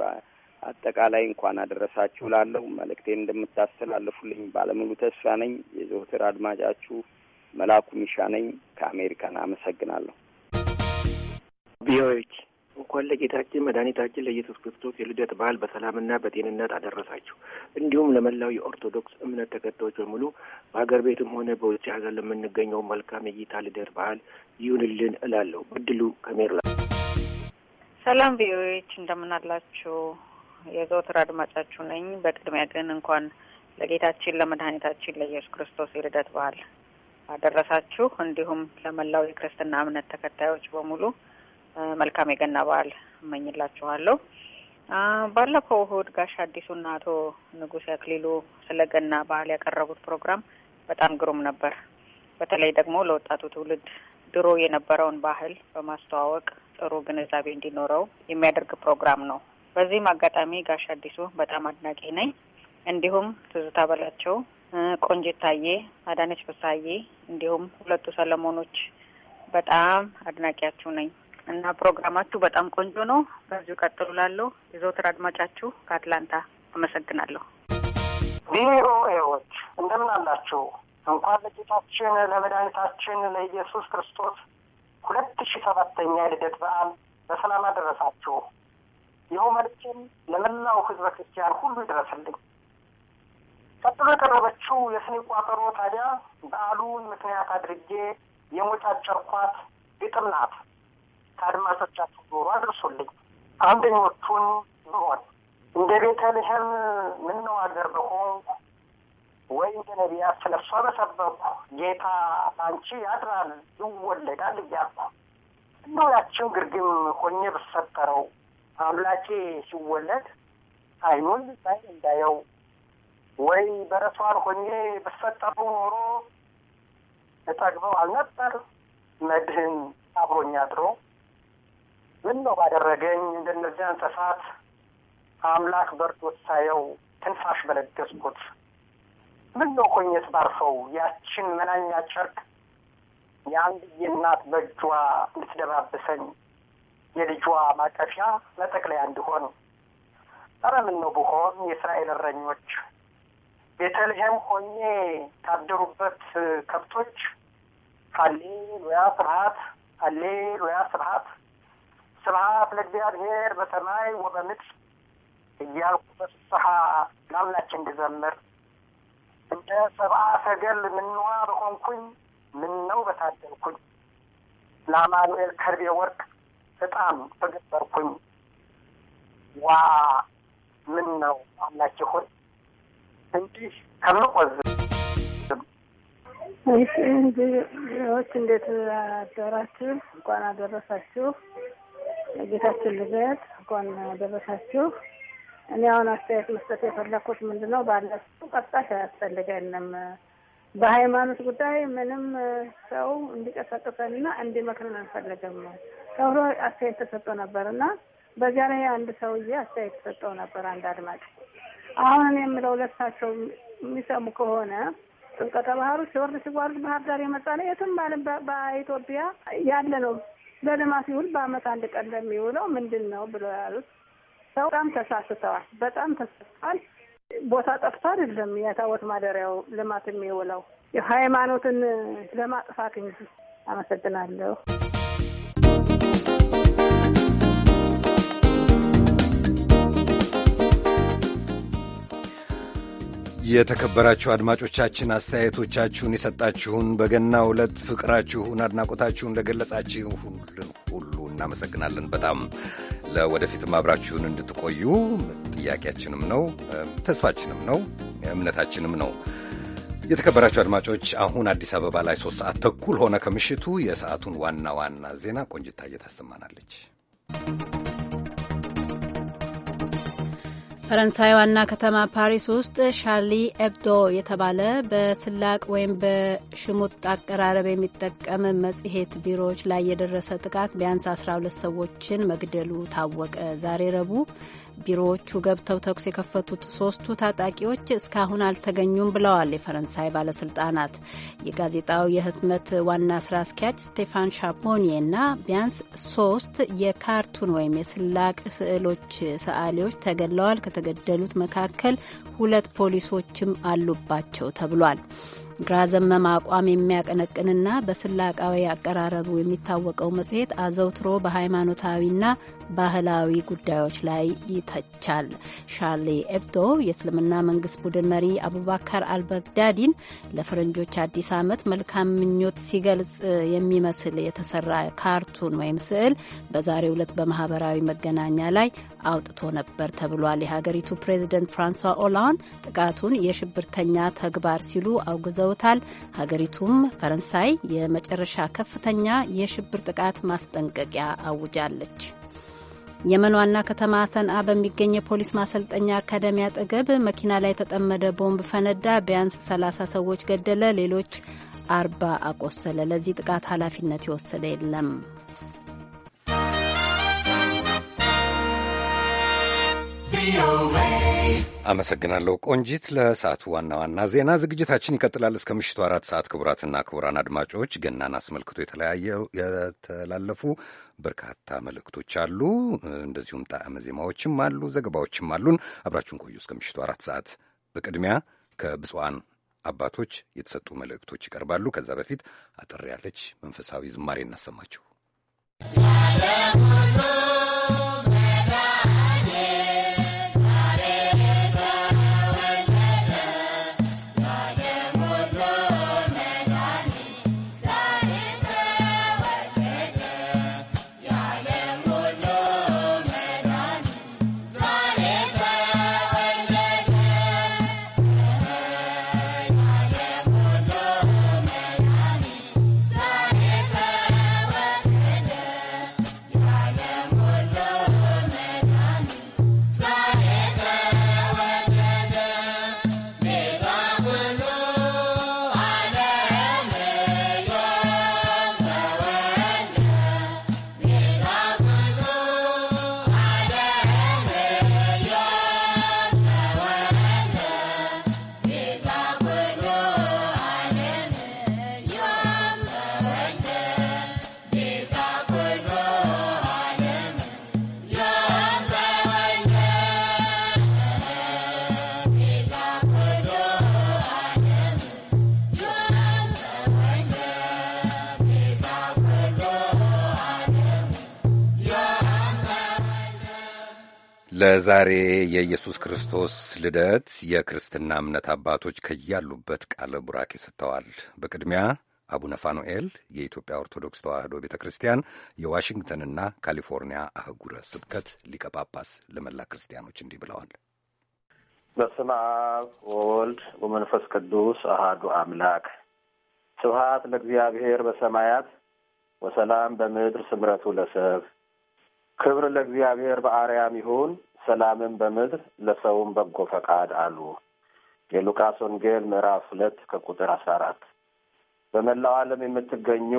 Speaker 13: አጠቃላይ እንኳን አደረሳችሁ ላለው መልእክቴን እንደምታስተላልፉልኝ ባለሙሉ ተስፋ ነኝ። የዘውትር አድማጫችሁ መላኩ ሚሻ ነኝ። ከአሜሪካን አመሰግናለሁ። ቪኦኤች እንኳን ለጌታችን መድኃኒታችን ለኢየሱስ
Speaker 14: ክርስቶስ የልደት በዓል በሰላምና በጤንነት አደረሳችሁ። እንዲሁም ለመላው የኦርቶዶክስ እምነት ተከታዮች በሙሉ በሀገር ቤትም ሆነ በውጭ ሀገር ለምንገኘው መልካም የጌታ ልደት በዓል
Speaker 13: ይሁንልን እላለሁ። በድሉ ከሜርላ
Speaker 14: ሰላም ቪኦኤዎች እንደምናላችሁ የዘወትር አድማጫችሁ ነኝ። በቅድሚያ ግን እንኳን ለጌታችን ለመድኃኒታችን ለኢየሱስ ክርስቶስ የልደት በዓል አደረሳችሁ። እንዲሁም ለመላው የክርስትና እምነት ተከታዮች በሙሉ መልካም የገና በዓል እመኝላችኋለሁ። ባለፈው እሁድ ጋሽ አዲሱና አቶ ንጉሴ ያክሊሉ ስለ ገና በዓል ያቀረቡት ፕሮግራም በጣም ግሩም ነበር። በተለይ ደግሞ ለወጣቱ ትውልድ ድሮ የነበረውን ባህል በማስተዋወቅ ጥሩ ግንዛቤ እንዲኖረው የሚያደርግ ፕሮግራም ነው። በዚህም አጋጣሚ ጋሽ አዲሱ በጣም አድናቂ ነኝ። እንዲሁም ትዝታ በላቸው፣ ቆንጅት ታዬ፣ አዳነች ፍስሀዬ እንዲሁም ሁለቱ ሰለሞኖች በጣም አድናቂያችሁ ነኝ። እና ፕሮግራማችሁ በጣም ቆንጆ ነው። በዚሁ ቀጥሉ። ላለው የዘወትር አድማጫችሁ ከአትላንታ አመሰግናለሁ።
Speaker 7: ቪኦኤዎች እንደምን አላችሁ? እንኳን ለጌታችን ለመድኃኒታችን ለኢየሱስ ክርስቶስ ሁለት ሺ ሰባተኛ ልደት በዓል በሰላም አደረሳችሁ። ይኸው መልእክቴም ለመላው ሕዝበ ክርስቲያን ሁሉ ይድረስልኝ። ቀጥሎ የቀረበችው የስኒ ቋጠሮ ታዲያ በዓሉን ምክንያት አድርጌ የሞጫጨርኳት ግጥም ናት። አድማጮቻችሁ ጆሮ አድርሱልኝ። አንደኞቹን ብሆን እንደ ቤተልሔም ምነው አገር በሆንኩ ወይ እንደ ነቢያት ስለ እሷ በሰበኩ ጌታ አንቺ ያድራል ይወለዳል እያልኩ እንደው ያችን ግርግም ሆኜ ብፈጠረው አምላኬ ሲወለድ አይኑን ሳይ እንዳየው ወይ በረሷን ሆኜ ብፈጠሩ ኖሮ እጠግበው አልነበር መድህን አብሮኛ አድሮ ምን ነው ባደረገኝ እንደነዚያን ጥፋት አምላክ በርቶት ሳየው ትንፋሽ በለገስኩት ምን ነው ኮኘት ባርፈው ያችን መናኛ ጨርቅ የአንድዬ እናት በእጇ እንድትደባብሰኝ የልጇ ማቀፊያ መጠቅለያ እንድሆን ኧረ ምን ነው ብሆን የእስራኤል እረኞች ቤተልሔም ሆኜ ካደሩበት ከብቶች አሌ ሉያ ስርሀት አሌ ሉያ ስርሀት ስብሐት ለእግዚአብሔር በሰማይ ወበምድር እያልኩ በፍስሐ ለአምላችን እንድዘምር እንደ ሰብአ ሰገል ምንዋ በቆንኩኝ ምነው በታደልኩኝ ለአማኑኤል ከርቤ ወርቅ ዕጣም በገበርኩኝ ዋ ምን ነው አምላች ሆይ እንዲህ ከምቆዝም። እሺ እንዴት አደራችሁ?
Speaker 2: እንኳን አደረሳችሁ። ጌታችን ልበት እንኳን ደረሳችሁ። እኔ አሁን አስተያየት መስጠት የፈለኩት ምንድን ነው፣ ባለሱ ቀጣሽ አያስፈልገንም። በሃይማኖት ጉዳይ ምንም ሰው እንዲቀሰቅሰንና እንዲመክረን አንፈልግም። ተብሎ አስተያየት ተሰጠው ነበር እና በዚያ ላይ አንድ ሰውዬ አስተያየት ተሰጠው ነበር፣ አንድ አድማጭ። አሁን እኔ የምለው ለሳቸው የሚሰሙ ከሆነ ጥምቀተ ባህሩ ሲወርድ ሲጓርድ ባህር ዳር የመጣ ነው የትም ባለም በኢትዮጵያ ያለ ነው ለልማት ይውል በአመት አንድ ቀን ለሚውለው ምንድን ነው ብሎ ያሉት ሰው በጣም
Speaker 7: ተሳስተዋል። በጣም ተሳስተዋል። ቦታ ጠፍቶ አይደለም የታቦት ማደሪያው ልማት የሚውለው
Speaker 2: ሃይማኖትን ለማጥፋት እንጂ። አመሰግናለሁ።
Speaker 1: የተከበራችሁ አድማጮቻችን አስተያየቶቻችሁን የሰጣችሁን በገና ዕለት ፍቅራችሁን አድናቆታችሁን ለገለጻችሁ ሁሉ እናመሰግናለን። በጣም ለወደፊትም አብራችሁን እንድትቆዩ ጥያቄያችንም ነው፣ ተስፋችንም ነው፣ እምነታችንም ነው። የተከበራችሁ አድማጮች አሁን አዲስ አበባ ላይ ሶስት ሰዓት ተኩል ሆነ ከምሽቱ። የሰዓቱን ዋና ዋና ዜና ቆንጅታ እየታሰማናለች።
Speaker 2: ፈረንሳይ ዋና ከተማ ፓሪስ ውስጥ ሻርሊ ኤብዶ የተባለ በስላቅ ወይም በሽሙጥ አቀራረብ የሚጠቀም መጽሔት ቢሮዎች ላይ የደረሰ ጥቃት ቢያንስ 12 ሰዎችን መግደሉ ታወቀ። ዛሬ ረቡዕ ቢሮዎቹ ገብተው ተኩስ የከፈቱት ሶስቱ ታጣቂዎች እስካሁን አልተገኙም ብለዋል የፈረንሳይ ባለስልጣናት። የጋዜጣው የህትመት ዋና ስራ አስኪያጅ ስቴፋን ሻፖኒዬ እና ቢያንስ ሶስት የካርቱን ወይም የስላቅ ስዕሎች ሰዓሊዎች ተገድለዋል። ከተገደሉት መካከል ሁለት ፖሊሶችም አሉባቸው ተብሏል። ግራ ዘመም አቋም የሚያቀነቅንና በስላቃዊ አቀራረቡ የሚታወቀው መጽሔት አዘውትሮ በሃይማኖታዊና ባህላዊ ጉዳዮች ላይ ይተቻል። ሻርሌ ኤብዶ የእስልምና መንግስት ቡድን መሪ አቡባከር አልበግዳዲን ለፈረንጆች አዲስ ዓመት መልካም ምኞት ሲገልጽ የሚመስል የተሰራ ካርቱን ወይም ስዕል በዛሬው ዕለት በማህበራዊ መገናኛ ላይ አውጥቶ ነበር ተብሏል። የሀገሪቱ ፕሬዚደንት ፍራንሷ ኦላንድ ጥቃቱን የሽብርተኛ ተግባር ሲሉ አውግዘውታል። ሀገሪቱም ፈረንሳይ የመጨረሻ ከፍተኛ የሽብር ጥቃት ማስጠንቀቂያ አውጃለች። የመን ዋና ከተማ ሰንአ በሚገኝ የፖሊስ ማሰልጠኛ አካዳሚ አጠገብ መኪና ላይ የተጠመደ ቦምብ ፈነዳ። ቢያንስ 30 ሰዎች ገደለ፣ ሌሎች አርባ አቆሰለ። ለዚህ ጥቃት ኃላፊነት የወሰደ የለም።
Speaker 1: አመሰግናለሁ ቆንጂት። ለሰዓቱ ዋና ዋና ዜና ዝግጅታችን ይቀጥላል እስከ ምሽቱ አራት ሰዓት። ክቡራትና ክቡራን አድማጮች ገናን አስመልክቶ የተለያየ የተላለፉ በርካታ መልእክቶች አሉ። እንደዚሁም ጣዕመ ዜማዎችም አሉ፣ ዘገባዎችም አሉን። አብራችሁን ቆዩ እስከ ምሽቱ አራት ሰዓት። በቅድሚያ ከብፁዓን አባቶች የተሰጡ መልእክቶች ይቀርባሉ። ከዛ በፊት አጠር ያለች መንፈሳዊ ዝማሬ እናሰማችሁ። ለዛሬ የኢየሱስ ክርስቶስ ልደት የክርስትና እምነት አባቶች ከያሉበት ቃለ ቡራኬ ሰጥተዋል። በቅድሚያ አቡነ ፋኑኤል የኢትዮጵያ ኦርቶዶክስ ተዋሕዶ ቤተ ክርስቲያን የዋሽንግተንና ካሊፎርኒያ አህጉረ ስብከት ሊቀ ጳጳስ ለመላ ክርስቲያኖች እንዲህ ብለዋል።
Speaker 5: በስመ አብ ወወልድ ወመንፈስ ቅዱስ አሃዱ አምላክ ስብሐት ለእግዚአብሔር በሰማያት ወሰላም በምድር ስምረቱ ለሰብ ክብር ለእግዚአብሔር በአርያም ይሁን ሰላምን በምድር ለሰውም በጎ ፈቃድ አሉ። የሉቃስ ወንጌል ምዕራፍ ሁለት ከቁጥር አስራ አራት በመላው ዓለም የምትገኙ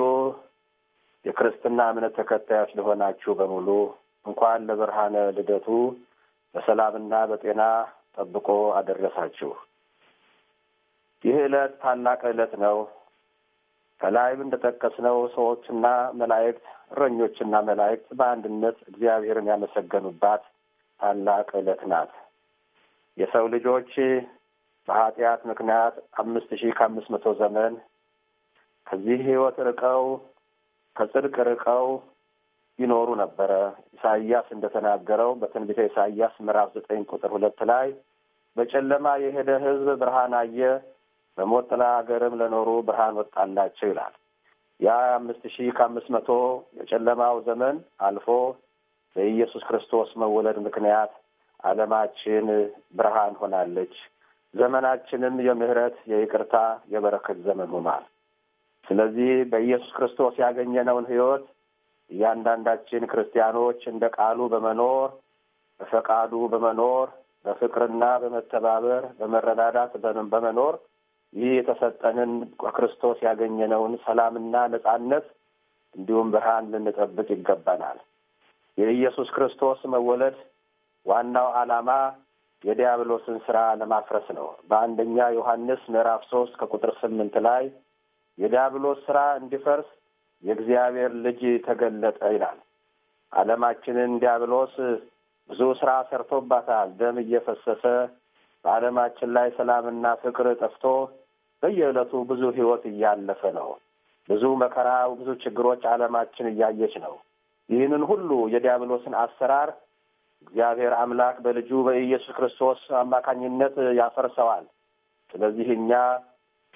Speaker 5: የክርስትና እምነት ተከታዮች ለሆናችሁ በሙሉ እንኳን ለብርሃነ ልደቱ በሰላምና በጤና ጠብቆ አደረሳችሁ። ይህ ዕለት ታላቅ ዕለት ነው። ከላይም እንደጠቀስነው ሰዎችና መላእክት፣ እረኞችና መላእክት በአንድነት እግዚአብሔርን ያመሰገኑባት ታላቅ ዕለት ናት። የሰው ልጆች በኃጢአት ምክንያት አምስት ሺህ ከአምስት መቶ ዘመን ከዚህ ሕይወት ርቀው ከጽድቅ ርቀው ይኖሩ ነበረ። ኢሳይያስ እንደተናገረው በትንቢተ ኢሳይያስ ምዕራፍ ዘጠኝ ቁጥር ሁለት ላይ በጨለማ የሄደ ሕዝብ ብርሃን አየ፣ በሞት ጥላ ሀገርም ለኖሩ ብርሃን ወጣላቸው ይላል። ያ አምስት ሺህ ከአምስት መቶ የጨለማው ዘመን አልፎ በኢየሱስ ክርስቶስ መወለድ ምክንያት ዓለማችን ብርሃን ሆናለች። ዘመናችንም የምህረት፣ የይቅርታ፣ የበረከት ዘመን ሆኗል። ስለዚህ በኢየሱስ ክርስቶስ ያገኘነውን ሕይወት እያንዳንዳችን ክርስቲያኖች እንደ ቃሉ በመኖር በፈቃዱ በመኖር በፍቅርና በመተባበር በመረዳዳት በመኖር ይህ የተሰጠንን ክርስቶስ ያገኘነውን ሰላምና ነጻነት እንዲሁም ብርሃን ልንጠብቅ ይገባናል። የኢየሱስ ክርስቶስ መወለድ ዋናው ዓላማ የዲያብሎስን ስራ ለማፍረስ ነው። በአንደኛ ዮሐንስ ምዕራፍ ሶስት ከቁጥር ስምንት ላይ የዲያብሎስ ስራ እንዲፈርስ የእግዚአብሔር ልጅ ተገለጠ ይላል። ዓለማችንን ዲያብሎስ ብዙ ስራ ሰርቶባታል። ደም እየፈሰሰ በዓለማችን ላይ ሰላምና ፍቅር ጠፍቶ በየዕለቱ ብዙ ሕይወት እያለፈ ነው። ብዙ መከራ፣ ብዙ ችግሮች ዓለማችን እያየች ነው። ይህንን ሁሉ የዲያብሎስን አሰራር እግዚአብሔር አምላክ በልጁ በኢየሱስ ክርስቶስ አማካኝነት ያፈርሰዋል። ስለዚህ እኛ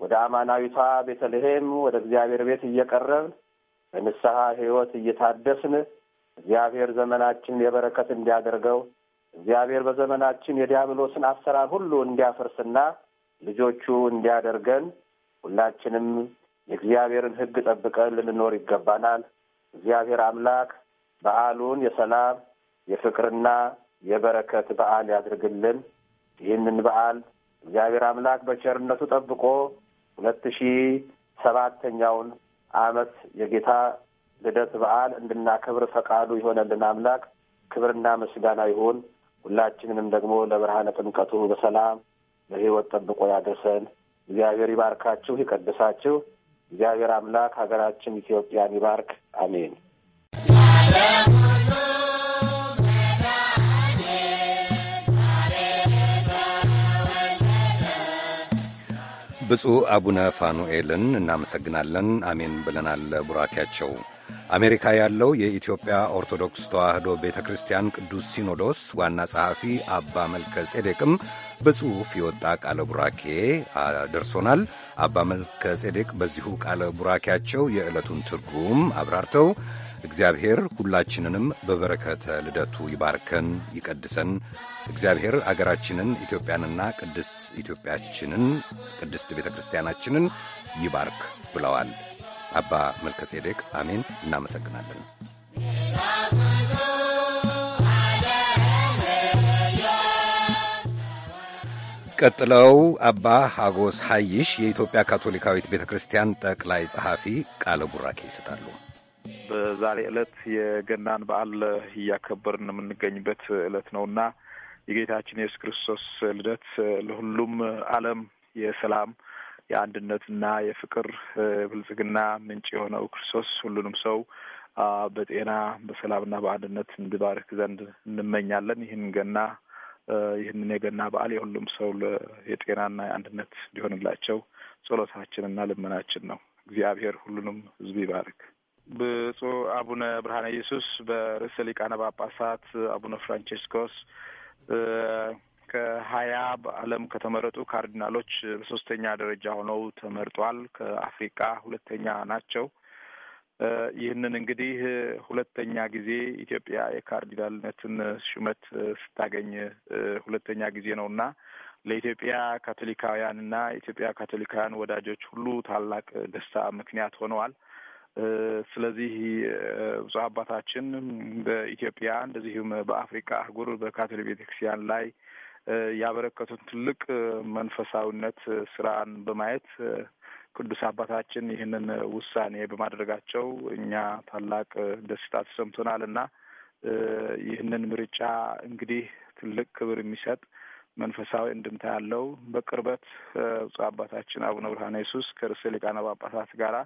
Speaker 5: ወደ አማናዊቷ ቤተልሔም ወደ እግዚአብሔር ቤት እየቀረብን በንስሐ ሕይወት እየታደስን እግዚአብሔር ዘመናችን የበረከት እንዲያደርገው እግዚአብሔር በዘመናችን የዲያብሎስን አሰራር ሁሉ እንዲያፈርስና ልጆቹ እንዲያደርገን ሁላችንም የእግዚአብሔርን ሕግ ጠብቀን ልንኖር ይገባናል። እግዚአብሔር አምላክ በዓሉን የሰላም የፍቅርና የበረከት በዓል ያድርግልን። ይህንን በዓል እግዚአብሔር አምላክ በቸርነቱ ጠብቆ ሁለት ሺ ሰባተኛውን ዓመት የጌታ ልደት በዓል እንድናከብር ፈቃዱ የሆነልን አምላክ ክብርና ምስጋና ይሁን። ሁላችንንም ደግሞ ለብርሃነ ጥምቀቱ በሰላም በሕይወት ጠብቆ ያደርሰን። እግዚአብሔር ይባርካችሁ፣ ይቀድሳችሁ። እግዚአብሔር አምላክ ሀገራችን ኢትዮጵያን ይባርክ። አሜን።
Speaker 1: ብፁዕ አቡነ ፋኑኤልን እናመሰግናለን። አሜን ብለናል ቡራኪያቸው። አሜሪካ ያለው የኢትዮጵያ ኦርቶዶክስ ተዋሕዶ ቤተ ክርስቲያን ቅዱስ ሲኖዶስ ዋና ጸሐፊ አባ መልከ ጼዴቅም በጽሑፍ የወጣ ቃለ ቡራኬ ደርሶናል። አባ መልከ ጼዴቅ በዚሁ ቃለ ቡራኬያቸው የዕለቱን ትርጉም አብራርተው እግዚአብሔር ሁላችንንም በበረከተ ልደቱ ይባርከን ይቀድሰን። እግዚአብሔር አገራችንን ኢትዮጵያንና ቅድስት ኢትዮጵያችንን ቅድስት ቤተ ክርስቲያናችንን ይባርክ ብለዋል አባ መልከጼዴቅ። አሜን። እናመሰግናለን። ቀጥለው አባ ሐጎስ ሐይሽ የኢትዮጵያ ካቶሊካዊት ቤተ ክርስቲያን ጠቅላይ ጸሐፊ ቃለ ቡራኬ ይሰጣሉ።
Speaker 11: በዛሬ ዕለት የገናን በዓል እያከበርን የምንገኝበት ዕለት ነው እና የጌታችን የሱስ ክርስቶስ ልደት ለሁሉም ዓለም የሰላም የአንድነትና የፍቅር ብልጽግና ምንጭ የሆነው ክርስቶስ ሁሉንም ሰው በጤና በሰላምና በአንድነት እንዲባርክ ዘንድ እንመኛለን። ይህን ገና ይህንን የገና በዓል የሁሉም ሰው የጤናና የአንድነት እንዲሆንላቸው ጸሎታችንና ልመናችን ነው። እግዚአብሔር ሁሉንም ሕዝብ ይባርክ። ብፁዕ አቡነ ብርሃነ ኢየሱስ በርዕሰ ሊቃነ ጳጳሳት አቡነ ፍራንቼስኮስ ከሀያ በዓለም ከተመረጡ ካርዲናሎች በሶስተኛ ደረጃ ሆነው ተመርጧል። ከአፍሪቃ ሁለተኛ ናቸው። ይህንን እንግዲህ ሁለተኛ ጊዜ ኢትዮጵያ የካርዲናልነትን ሹመት ስታገኝ ሁለተኛ ጊዜ ነው እና ለኢትዮጵያ ካቶሊካውያን እና ኢትዮጵያ ካቶሊካውያን ወዳጆች ሁሉ ታላቅ ደስታ ምክንያት ሆነዋል። ስለዚህ ብፁዕ አባታችን በኢትዮጵያ እንደዚሁም በአፍሪካ አህጉር በካቶሊክ ቤተክርስቲያን ላይ ያበረከቱን ትልቅ መንፈሳዊነት ስራን በማየት ቅዱስ አባታችን ይህንን ውሳኔ በማድረጋቸው እኛ ታላቅ ደስታ ተሰምቶናል እና ይህንን ምርጫ እንግዲህ ትልቅ ክብር የሚሰጥ መንፈሳዊ እንድምታ ያለው በቅርበት ብፁዕ አባታችን አቡነ ብርሃነ ኢየሱስ ከርዕሰ ሊቃነ ጳጳሳት ጋራ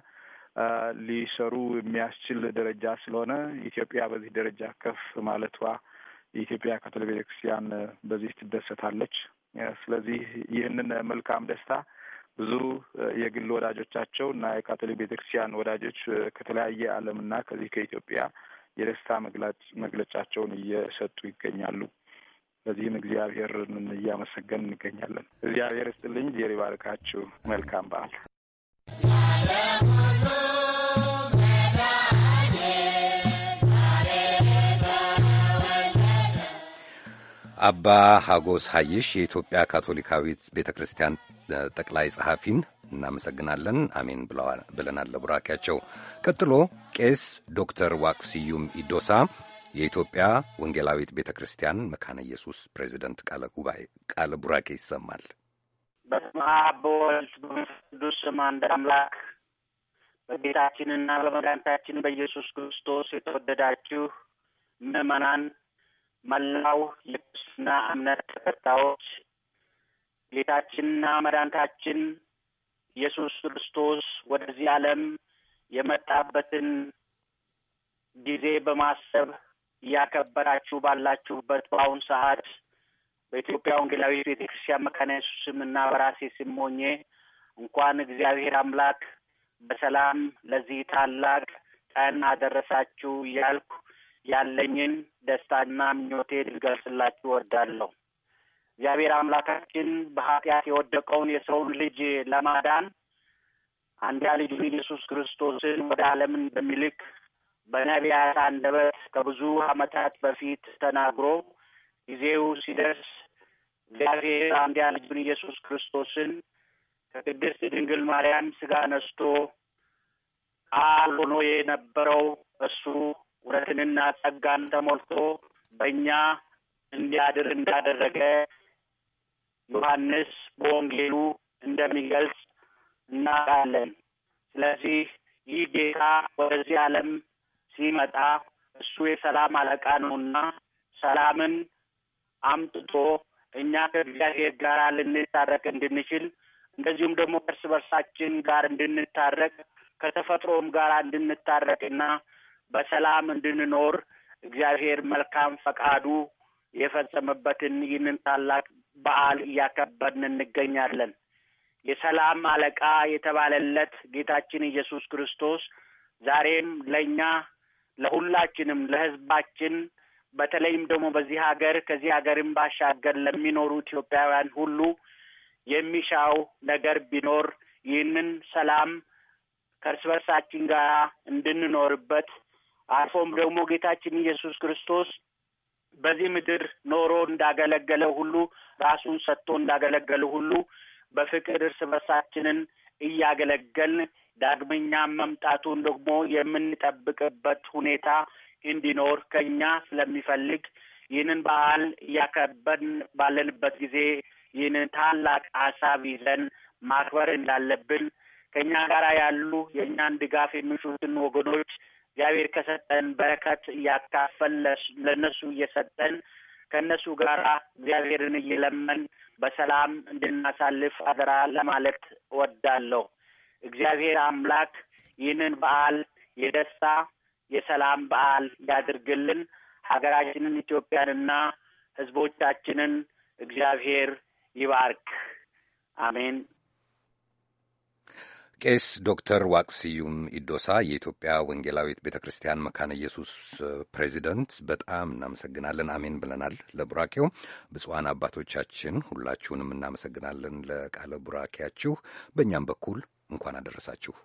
Speaker 11: ሊሰሩ የሚያስችል ደረጃ ስለሆነ ኢትዮጵያ በዚህ ደረጃ ከፍ ማለቷ የኢትዮጵያ ካቶሊክ ቤተክርስቲያን በዚህ ትደሰታለች። ስለዚህ ይህንን መልካም ደስታ ብዙ የግል ወዳጆቻቸው እና የካቶሊክ ቤተክርስቲያን ወዳጆች ከተለያየ እና ከዚህ ከኢትዮጵያ የደስታ መግለጫቸውን እየሰጡ ይገኛሉ። በዚህም እግዚአብሔርን እያመሰገን እንገኛለን። እግዚአብሔር ስጥልኝ፣ ዜር ይባርካችሁ። መልካም በዓል
Speaker 1: አባ ሀጎስ ሀይሽ የኢትዮጵያ ካቶሊካዊት ቤተ ክርስቲያን ጠቅላይ ጸሐፊን እናመሰግናለን። አሜን ብለናል ለቡራኪያቸው። ቀጥሎ ቄስ ዶክተር ዋክስዩም ኢዶሳ የኢትዮጵያ ወንጌላዊት ቤተ ክርስቲያን መካነ ኢየሱስ ፕሬዚደንት ቃለ ቡራኬ ይሰማል።
Speaker 7: በስመ አብ በወልድ በመንፈስ
Speaker 14: ስም አንድ አምላክ በጌታችንና በመድኃኒታችን በኢየሱስ ክርስቶስ የተወደዳችሁ ምዕመናን መላው የክርስትና እምነት ተከታዮች ጌታችንና መድኃኒታችን ኢየሱስ ክርስቶስ ወደዚህ ዓለም የመጣበትን ጊዜ በማሰብ እያከበራችሁ ባላችሁበት በአሁኑ ሰዓት በኢትዮጵያ ወንጌላዊ ቤተ ክርስቲያን መካነ ኢየሱስ ስም እና በራሴ ስም ሆኜ እንኳን እግዚአብሔር አምላክ በሰላም ለዚህ ታላቅ ቀን አደረሳችሁ እያልኩ ያለኝን ደስታና ምኞቴ ልገልጽላችሁ እወዳለሁ። እግዚአብሔር አምላካችን በኃጢአት የወደቀውን የሰውን ልጅ ለማዳን አንድያ ልጁን ኢየሱስ ክርስቶስን ወደ ዓለም እንደሚልክ በነቢያት አንደበት ከብዙ ዓመታት በፊት ተናግሮ ጊዜው ሲደርስ እግዚአብሔር አንድያ ልጁን ኢየሱስ ክርስቶስን ከቅድስት ድንግል ማርያም ሥጋ ነስቶ ቃል ሆኖ የነበረው እሱ ውረትንና ጸጋን ተሞልቶ በእኛ እንዲያድር እንዳደረገ ዮሐንስ በወንጌሉ እንደሚገልጽ እናውቃለን። ስለዚህ ይህ ጌታ ወደዚህ ዓለም ሲመጣ እሱ የሰላም አለቃ ነውና ሰላምን አምጥቶ እኛ ከእግዚአብሔር ጋር ልንታረቅ እንድንችል እንደዚሁም ደግሞ እርስ በርሳችን ጋር እንድንታረቅ ከተፈጥሮም ጋር እንድንታረቅና በሰላም እንድንኖር እግዚአብሔር መልካም ፈቃዱ የፈጸመበትን ይህንን ታላቅ በዓል እያከበርን እንገኛለን። የሰላም አለቃ የተባለለት ጌታችን ኢየሱስ ክርስቶስ ዛሬም ለእኛ ለሁላችንም ለሕዝባችን በተለይም ደግሞ በዚህ ሀገር ከዚህ ሀገርም ባሻገር ለሚኖሩ ኢትዮጵያውያን ሁሉ የሚሻው ነገር ቢኖር ይህንን ሰላም ከእርስ በርሳችን ጋር እንድንኖርበት አልፎም ደግሞ ጌታችን ኢየሱስ ክርስቶስ በዚህ ምድር ኖሮ እንዳገለገለ ሁሉ ራሱን ሰጥቶ እንዳገለገለ ሁሉ በፍቅር እርስ በርሳችንን እያገለገልን ዳግመኛ መምጣቱን ደግሞ የምንጠብቅበት ሁኔታ እንዲኖር ከኛ ስለሚፈልግ ይህንን በዓል እያከበን ባለንበት ጊዜ ይህንን ታላቅ ሀሳብ ይዘን ማክበር እንዳለብን ከእኛ ጋር ያሉ የእኛን ድጋፍ የሚሹትን ወገኖች እግዚአብሔር ከሰጠን በረከት እያካፈል ለእነሱ እየሰጠን ከእነሱ ጋር እግዚአብሔርን እየለመን በሰላም እንድናሳልፍ አደራ ለማለት እወዳለሁ። እግዚአብሔር አምላክ ይህንን በዓል የደስታ የሰላም በዓል ያድርግልን። ሀገራችንን ኢትዮጵያንና ሕዝቦቻችንን እግዚአብሔር ይባርክ። አሜን።
Speaker 1: ቄስ ዶክተር ዋቅስዩም ኢዶሳ የኢትዮጵያ ወንጌላዊት ቤተ ክርስቲያን መካነ ኢየሱስ ፕሬዚደንት፣ በጣም እናመሰግናለን። አሜን ብለናል ለቡራኬው። ብፁዓን አባቶቻችን ሁላችሁንም እናመሰግናለን ለቃለ ቡራኬያችሁ። በእኛም በኩል እንኳን አደረሳችሁ።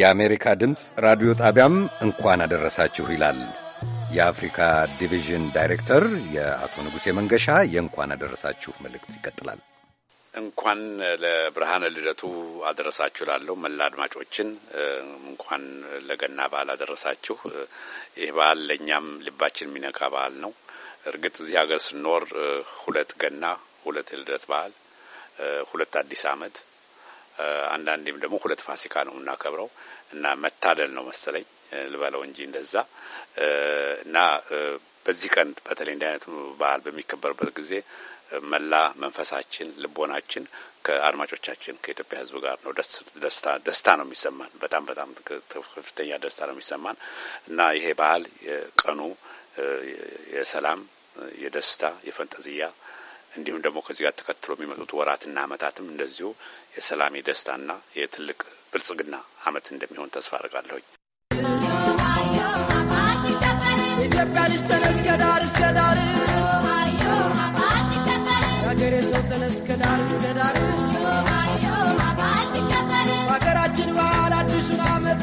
Speaker 1: የአሜሪካ ድምፅ ራዲዮ ጣቢያም እንኳን አደረሳችሁ ይላል። የአፍሪካ ዲቪዥን ዳይሬክተር የአቶ ንጉሴ መንገሻ የእንኳን አደረሳችሁ መልእክት ይቀጥላል። እንኳን ለብርሃነ ልደቱ አደረሳችሁ ላለው መላ አድማጮችን እንኳን ለገና በዓል አደረሳችሁ። ይህ በዓል ለእኛም ልባችን የሚነካ በዓል ነው። እርግጥ እዚህ ሀገር ስንኖር ሁለት ገና፣ ሁለት ልደት በዓል፣ ሁለት አዲስ አመት አንዳንዴም ደግሞ ሁለት ፋሲካ ነው የምናከብረው እና መታደል ነው መሰለኝ ልበለው እንጂ እንደዛ እና በዚህ ቀን በተለይ እንዲህ አይነቱ በዓል በሚከበርበት ጊዜ መላ መንፈሳችን፣ ልቦናችን ከአድማጮቻችን ከኢትዮጵያ ሕዝብ ጋር ነው። ደስታ ደስታ ነው የሚሰማን። በጣም በጣም ከፍተኛ ደስታ ነው የሚሰማን እና ይሄ ባህል ቀኑ የሰላም የደስታ የፈንጠዝያ እንዲሁም ደግሞ ከዚህ ጋር ተከትሎ የሚመጡት ወራትና አመታትም እንደዚሁ የሰላም የደስታና የትልቅ ብልጽግና አመት እንደሚሆን ተስፋ አድርጋለሁኝ።
Speaker 3: ሀገራችን ባህል አዲሱን አመት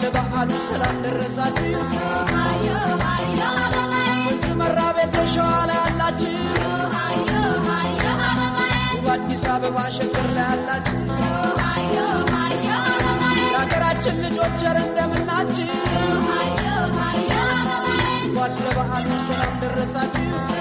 Speaker 3: ለበዓሉ ሰላም ደረሳችሁ። እዚህ ቤት ሸዋ ላይ አላችሁ አዲስ አበባ ሸገር ላይ ያላችሁ የሀገራችን ልጆች ር እንደምናችሁ። እንኳን ለበዓሉ ሰላም ደረሳችሁ።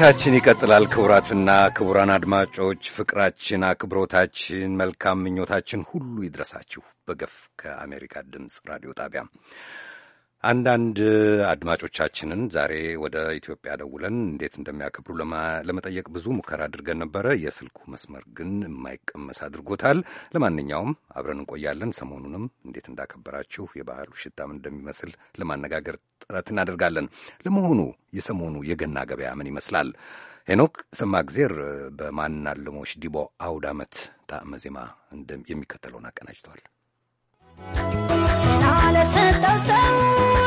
Speaker 1: ዝግጅታችን ይቀጥላል። ክቡራትና ክቡራን አድማጮች ፍቅራችን፣ አክብሮታችን፣ መልካም ምኞታችን ሁሉ ይድረሳችሁ በገፍ ከአሜሪካ ድምፅ ራዲዮ ጣቢያ አንዳንድ አድማጮቻችንን ዛሬ ወደ ኢትዮጵያ ደውለን እንዴት እንደሚያከብሩ ለመጠየቅ ብዙ ሙከራ አድርገን ነበረ። የስልኩ መስመር ግን የማይቀመስ አድርጎታል። ለማንኛውም አብረን እንቆያለን። ሰሞኑንም እንዴት እንዳከበራችሁ የባህሉ ሽታም እንደሚመስል ለማነጋገር ጥረት እናደርጋለን። ለመሆኑ የሰሞኑ የገና ገበያ ምን ይመስላል? ሄኖክ ሰማእግዜር በማናለሞች ዲቦ አውድ ዓመት ጣዕመ ዜማ የሚከተለውን አቀናጅተዋል።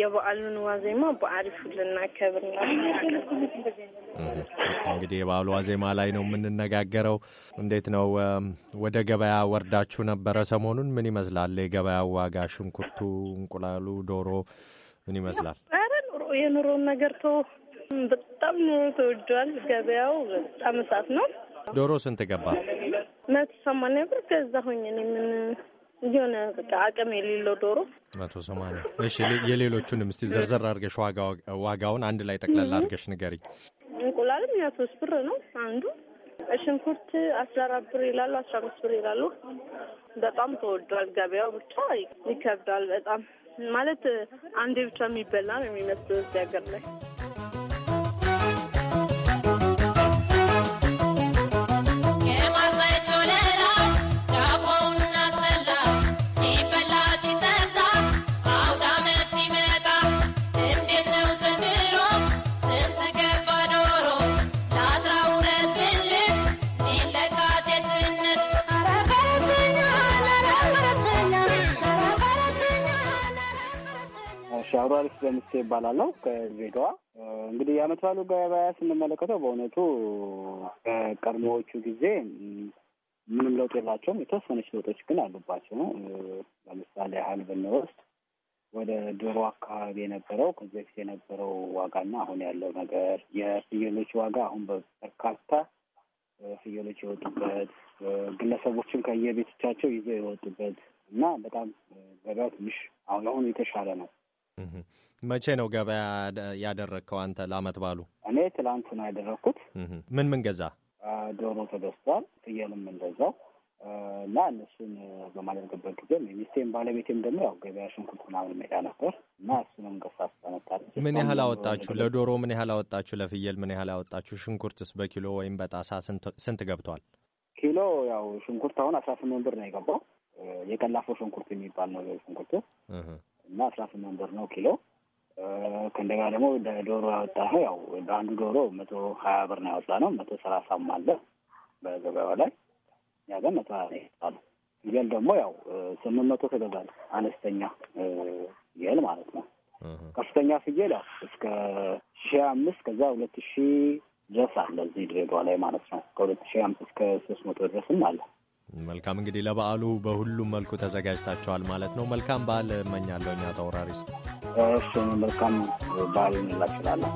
Speaker 9: የበዓሉን ዋዜማ በአሪፉ ልናከብር ነው።
Speaker 6: እንግዲህ የበዓሉ ዋዜማ ላይ ነው የምንነጋገረው። እንዴት ነው ወደ ገበያ ወርዳችሁ ነበረ? ሰሞኑን ምን ይመስላል የገበያ ዋጋ? ሽንኩርቱ፣ እንቁላሉ፣ ዶሮ ምን ይመስላል?
Speaker 7: ኧረ ኑሮ የኑሮን ነገር ቶ በጣም ኑሮ ተወዷል።
Speaker 9: ገበያው በጣም እሳት ነው።
Speaker 6: ዶሮ ስንት ገባ?
Speaker 9: መቶ ሰማንያ ብር ገዛሁኝ እኔ ምን የሆነ በቃ አቅም የሌለው ዶሮ
Speaker 6: መቶ ሰማንያ እሺ። የሌሎቹንም እስቲ ዘርዘር አድርገሽ ዋጋውን አንድ ላይ ጠቅላላ አድርገሽ ንገሪኝ።
Speaker 9: እንቁላልም ያ ሶስት ብር ነው አንዱ። ሽንኩርት አስራ አራት ብር ይላሉ፣ አስራ አምስት ብር ይላሉ። በጣም ተወዷል ገበያው። ብቻ ይከብዳል በጣም ማለት አንዴ ብቻ የሚበላ ነው የሚመስለው እዚህ ሀገር ላይ
Speaker 12: አውራሪስ በምስቴ ይባላለሁ ከዜጋዋ እንግዲህ የአመት ባሉ ገበያ ስንመለከተው በእውነቱ ቀድሞዎቹ ጊዜ ምንም ለውጥ የላቸውም። የተወሰነች ለውጦች ግን አሉባቸው ለምሳሌ ያህል ብንወስድ ወደ ዶሮ አካባቢ የነበረው ከዚህ በፊት የነበረው ዋጋና አሁን ያለው ነገር የፍየሎች ዋጋ አሁን በርካታ ፍየሎች የወጡበት ግለሰቦችም ከየቤቶቻቸው ይዘው የወጡበት እና በጣም ገበያ ትንሽ አሁን አሁን የተሻለ ነው።
Speaker 6: መቼ ነው ገበያ ያደረግከው አንተ ለአመት ባሉ?
Speaker 12: እኔ ትላንት ነው ያደረግኩት። ምን ምን ገዛ? ዶሮ ተገዝቷል፣ ፍየልም እንደዛው እና እነሱን በማደርግበት ጊዜ ሚስቴም ባለቤቴም ደግሞ ያው ገበያ ሽንኩርት ምናምን ሜዳ ነበር እና እሱንም ገሳ ስጠመጣለች። ምን ያህል አወጣችሁ? ለዶሮ
Speaker 6: ምን ያህል አወጣችሁ? ለፍየል ምን ያህል አወጣችሁ? ሽንኩርትስ በኪሎ ወይም በጣሳ ስንት ገብቷል?
Speaker 12: ኪሎ ያው ሽንኩርት አሁን አስራ ስምንት ብር ነው የገባው። የቀላፈው ሽንኩርት የሚባል ነው ሽንኩርት እና አስራ ስምንት ብር ነው ኪሎ። ከእንደጋ ደግሞ ዶሮ ያወጣ ነው ያው በአንዱ ዶሮ መቶ ሀያ ብር ነው ያወጣ ነው። መቶ ሰላሳም አለ በገበያው ላይ እኛ ጋር መቶ ሀያ ነው ያወጣ ነው። ፍየል ደግሞ ያው ስምንት መቶ ተገዛል። አነስተኛ ፍየል ማለት ነው። ከፍተኛ ፍየል ያው እስከ ሺ አምስት ከዛ ሁለት ሺ ድረስ አለ እዚህ ድሬዳዋ ላይ ማለት ነው። ከሁለት ሺ አምስት እስከ ሶስት መቶ ድረስም አለ
Speaker 6: መልካም እንግዲህ ለበዓሉ በሁሉም መልኩ ተዘጋጅታችኋል ማለት ነው። መልካም በዓል እመኛለሁ። እኛ ተወራሪስ
Speaker 12: እሱም መልካም በዓል እንላችኋለን።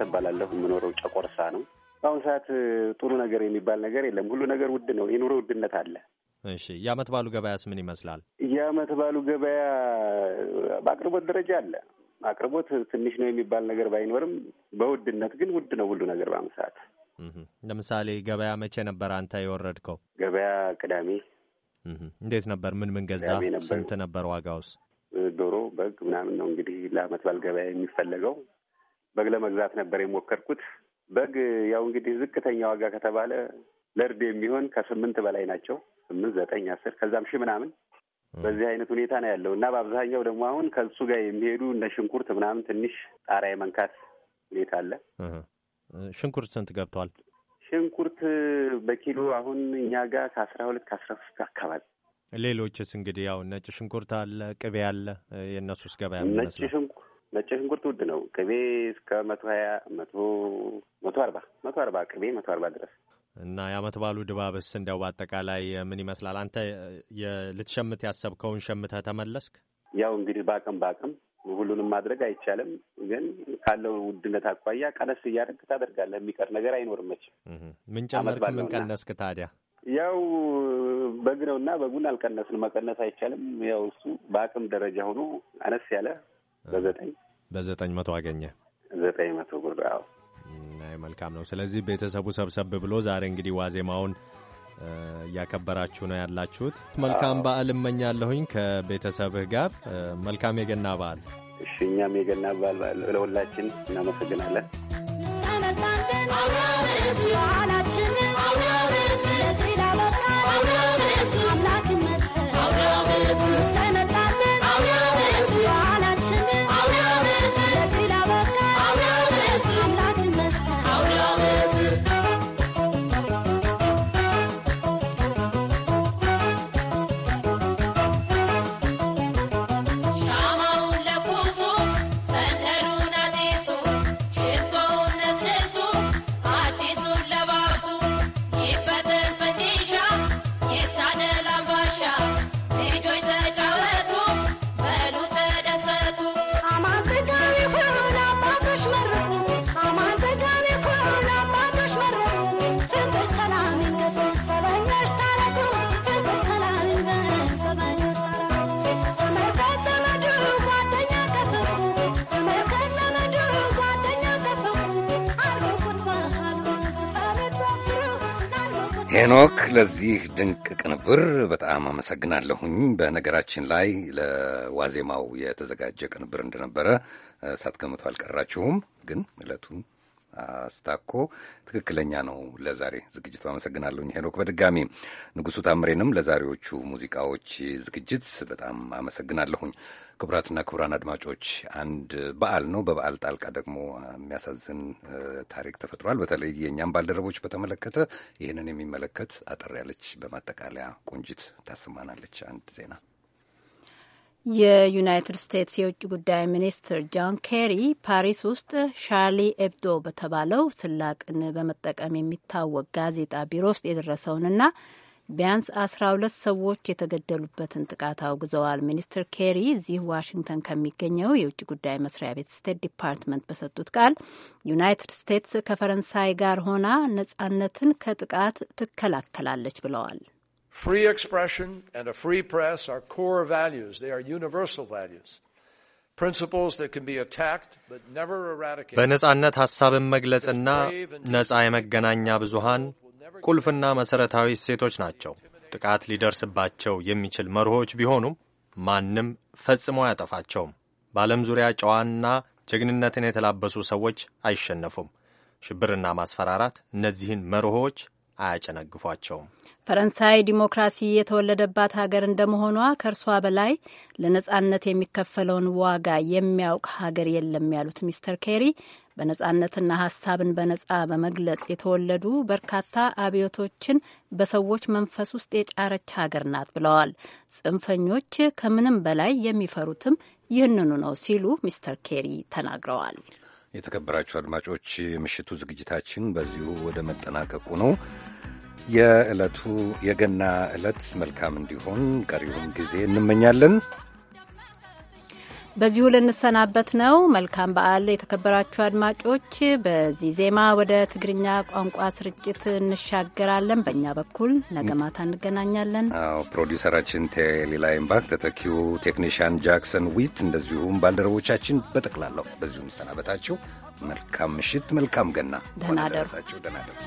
Speaker 15: ታደሰ እባላለሁ። የምኖረው ጨቆርሳ ነው። በአሁኑ ሰዓት ጥሩ ነገር የሚባል ነገር የለም። ሁሉ ነገር ውድ ነው። የኑሮ ውድነት አለ።
Speaker 6: እሺ፣ የአመት ባሉ ገበያስ ምን ይመስላል?
Speaker 15: የአመት ባሉ ገበያ በአቅርቦት ደረጃ አለ። አቅርቦት ትንሽ ነው የሚባል ነገር ባይኖርም በውድነት ግን ውድ ነው ሁሉ ነገር በአሁኑ ሰዓት።
Speaker 6: ለምሳሌ ገበያ መቼ ነበር አንተ የወረድከው?
Speaker 15: ገበያ ቅዳሜ።
Speaker 6: እንዴት ነበር? ምን ምን ገዛ? ስንት ነበር ዋጋውስ?
Speaker 15: ዶሮ፣ በግ ምናምን ነው እንግዲህ ለአመት ባል ገበያ የሚፈለገው። በግ ለመግዛት ነበር የሞከርኩት። በግ ያው እንግዲህ ዝቅተኛ ዋጋ ከተባለ ለእርድ የሚሆን ከስምንት በላይ ናቸው። ስምንት፣ ዘጠኝ፣ አስር ከዛም ሺህ ምናምን በዚህ አይነት ሁኔታ ነው ያለው እና በአብዛኛው ደግሞ አሁን ከሱ ጋር የሚሄዱ እነ ሽንኩርት ምናምን ትንሽ ጣራ የመንካት ሁኔታ አለ።
Speaker 6: ሽንኩርት ስንት ገብቷል?
Speaker 15: ሽንኩርት በኪሎ አሁን እኛ ጋር ከአስራ ሁለት ከአስራ ሶስት አካባቢ
Speaker 6: ሌሎችስ እንግዲህ ያው ነጭ ሽንኩርት አለ፣ ቅቤ አለ። የእነሱስ ገበያ ነጭ
Speaker 15: ሽንኩርት ነጭ ሽንኩርት ውድ ነው። ቅቤ እስከ መቶ ሀያ መቶ መቶ አርባ መቶ አርባ ቅቤ መቶ አርባ ድረስ
Speaker 6: እና የዓመት ባሉ ድባብስ እንዲያው በአጠቃላይ ምን ይመስላል? አንተ ልትሸምት ያሰብከውን ሸምተህ ተመለስክ?
Speaker 15: ያው እንግዲህ በአቅም በአቅም ሁሉንም ማድረግ አይቻልም፣ ግን ካለው ውድነት አኳያ ቀነስ እያደረግ ታደርጋለህ። የሚቀር ነገር አይኖርም። መች
Speaker 6: ምን ጨመርክ? ምን ቀነስክ ታዲያ?
Speaker 15: ያው በግ ነውና በጉን አልቀነስን፣ መቀነስ አይቻልም። ያው እሱ በአቅም ደረጃ ሆኖ አነስ ያለ በዘጠኝ
Speaker 6: በዘጠኝ መቶ አገኘ
Speaker 15: ዘጠኝ መቶ ብር። አዎ
Speaker 6: መልካም ነው። ስለዚህ ቤተሰቡ ሰብሰብ ብሎ ዛሬ እንግዲህ ዋዜማውን እያከበራችሁ ነው ያላችሁት። መልካም በዓል እመኛለሁኝ ከቤተሰብህ ጋር መልካም የገና በዓል። እሺ እኛም የገና በዓል ለሁላችን እናመሰግናለን።
Speaker 1: ሄኖክ ለዚህ ድንቅ ቅንብር በጣም አመሰግናለሁኝ። በነገራችን ላይ ለዋዜማው የተዘጋጀ ቅንብር እንደነበረ ሳትገምቱ አልቀራችሁም፣ ግን ዕለቱን አስታኮ ትክክለኛ ነው። ለዛሬ ዝግጅቱ አመሰግናለሁኝ ሄኖክ። በድጋሚ ንጉሱ ታምሬንም ለዛሬዎቹ ሙዚቃዎች ዝግጅት በጣም አመሰግናለሁኝ። ክቡራትና ክቡራን አድማጮች አንድ በዓል ነው። በበዓል ጣልቃ ደግሞ የሚያሳዝን ታሪክ ተፈጥሯል። በተለይ የእኛም ባልደረቦች በተመለከተ ይህንን የሚመለከት አጠር ያለች በማጠቃለያ ቆንጂት ታሰማናለች አንድ ዜና
Speaker 2: የዩናይትድ ስቴትስ የውጭ ጉዳይ ሚኒስትር ጆን ኬሪ ፓሪስ ውስጥ ሻርሊ ኤብዶ በተባለው ስላቅን በመጠቀም የሚታወቅ ጋዜጣ ቢሮ ውስጥ የደረሰውንና ቢያንስ አስራ ሁለት ሰዎች የተገደሉበትን ጥቃት አውግዘዋል። ሚኒስትር ኬሪ እዚህ ዋሽንግተን ከሚገኘው የውጭ ጉዳይ መስሪያ ቤት ስቴት ዲፓርትመንት በሰጡት ቃል ዩናይትድ ስቴትስ ከፈረንሳይ ጋር ሆና ነጻነትን ከጥቃት ትከላከላለች ብለዋል።
Speaker 10: Free expression and a free press are core values. They are universal values. Principles that can be attacked but never eradicated. በነጻነት
Speaker 6: ሐሳብን መግለጽና ነጻ የመገናኛ ብዙሃን ቁልፍና መሠረታዊ እሴቶች ናቸው። ጥቃት ሊደርስባቸው የሚችል መርሆች ቢሆኑም ማንም ፈጽሞ አያጠፋቸውም። በዓለም ዙሪያ ጨዋና ጀግንነትን የተላበሱ ሰዎች አይሸነፉም። ሽብርና ማስፈራራት እነዚህን መርሆች አያጨነግፏቸውም።
Speaker 2: ፈረንሳይ ዲሞክራሲ የተወለደባት ሀገር እንደመሆኗ ከእርሷ በላይ ለነጻነት የሚከፈለውን ዋጋ የሚያውቅ ሀገር የለም ያሉት ሚስተር ኬሪ በነጻነትና ሀሳብን በነጻ በመግለጽ የተወለዱ በርካታ አብዮቶችን በሰዎች መንፈስ ውስጥ የጫረች ሀገር ናት ብለዋል። ጽንፈኞች ከምንም በላይ የሚፈሩትም ይህንኑ ነው ሲሉ ሚስተር ኬሪ ተናግረዋል።
Speaker 1: የተከበራችሁ አድማጮች ምሽቱ ዝግጅታችን በዚሁ ወደ መጠናቀቁ ነው። የዕለቱ የገና ዕለት መልካም እንዲሆን ቀሪውን ጊዜ እንመኛለን።
Speaker 2: በዚሁ ልንሰናበት ነው። መልካም በዓል የተከበራችሁ አድማጮች። በዚህ ዜማ ወደ ትግርኛ ቋንቋ ስርጭት እንሻገራለን። በእኛ በኩል ነገ ማታ እንገናኛለን።
Speaker 1: አዎ ፕሮዲውሰራችን ቴሌላይምባክ፣ ተተኪው ቴክኒሽያን ጃክሰን ዊት፣ እንደዚሁም ባልደረቦቻችን በጠቅላላው በዚሁ እንሰናበታችሁ። መልካም ምሽት፣ መልካም ገና። ደህና ደረሳችሁ። ደህና ደሩ።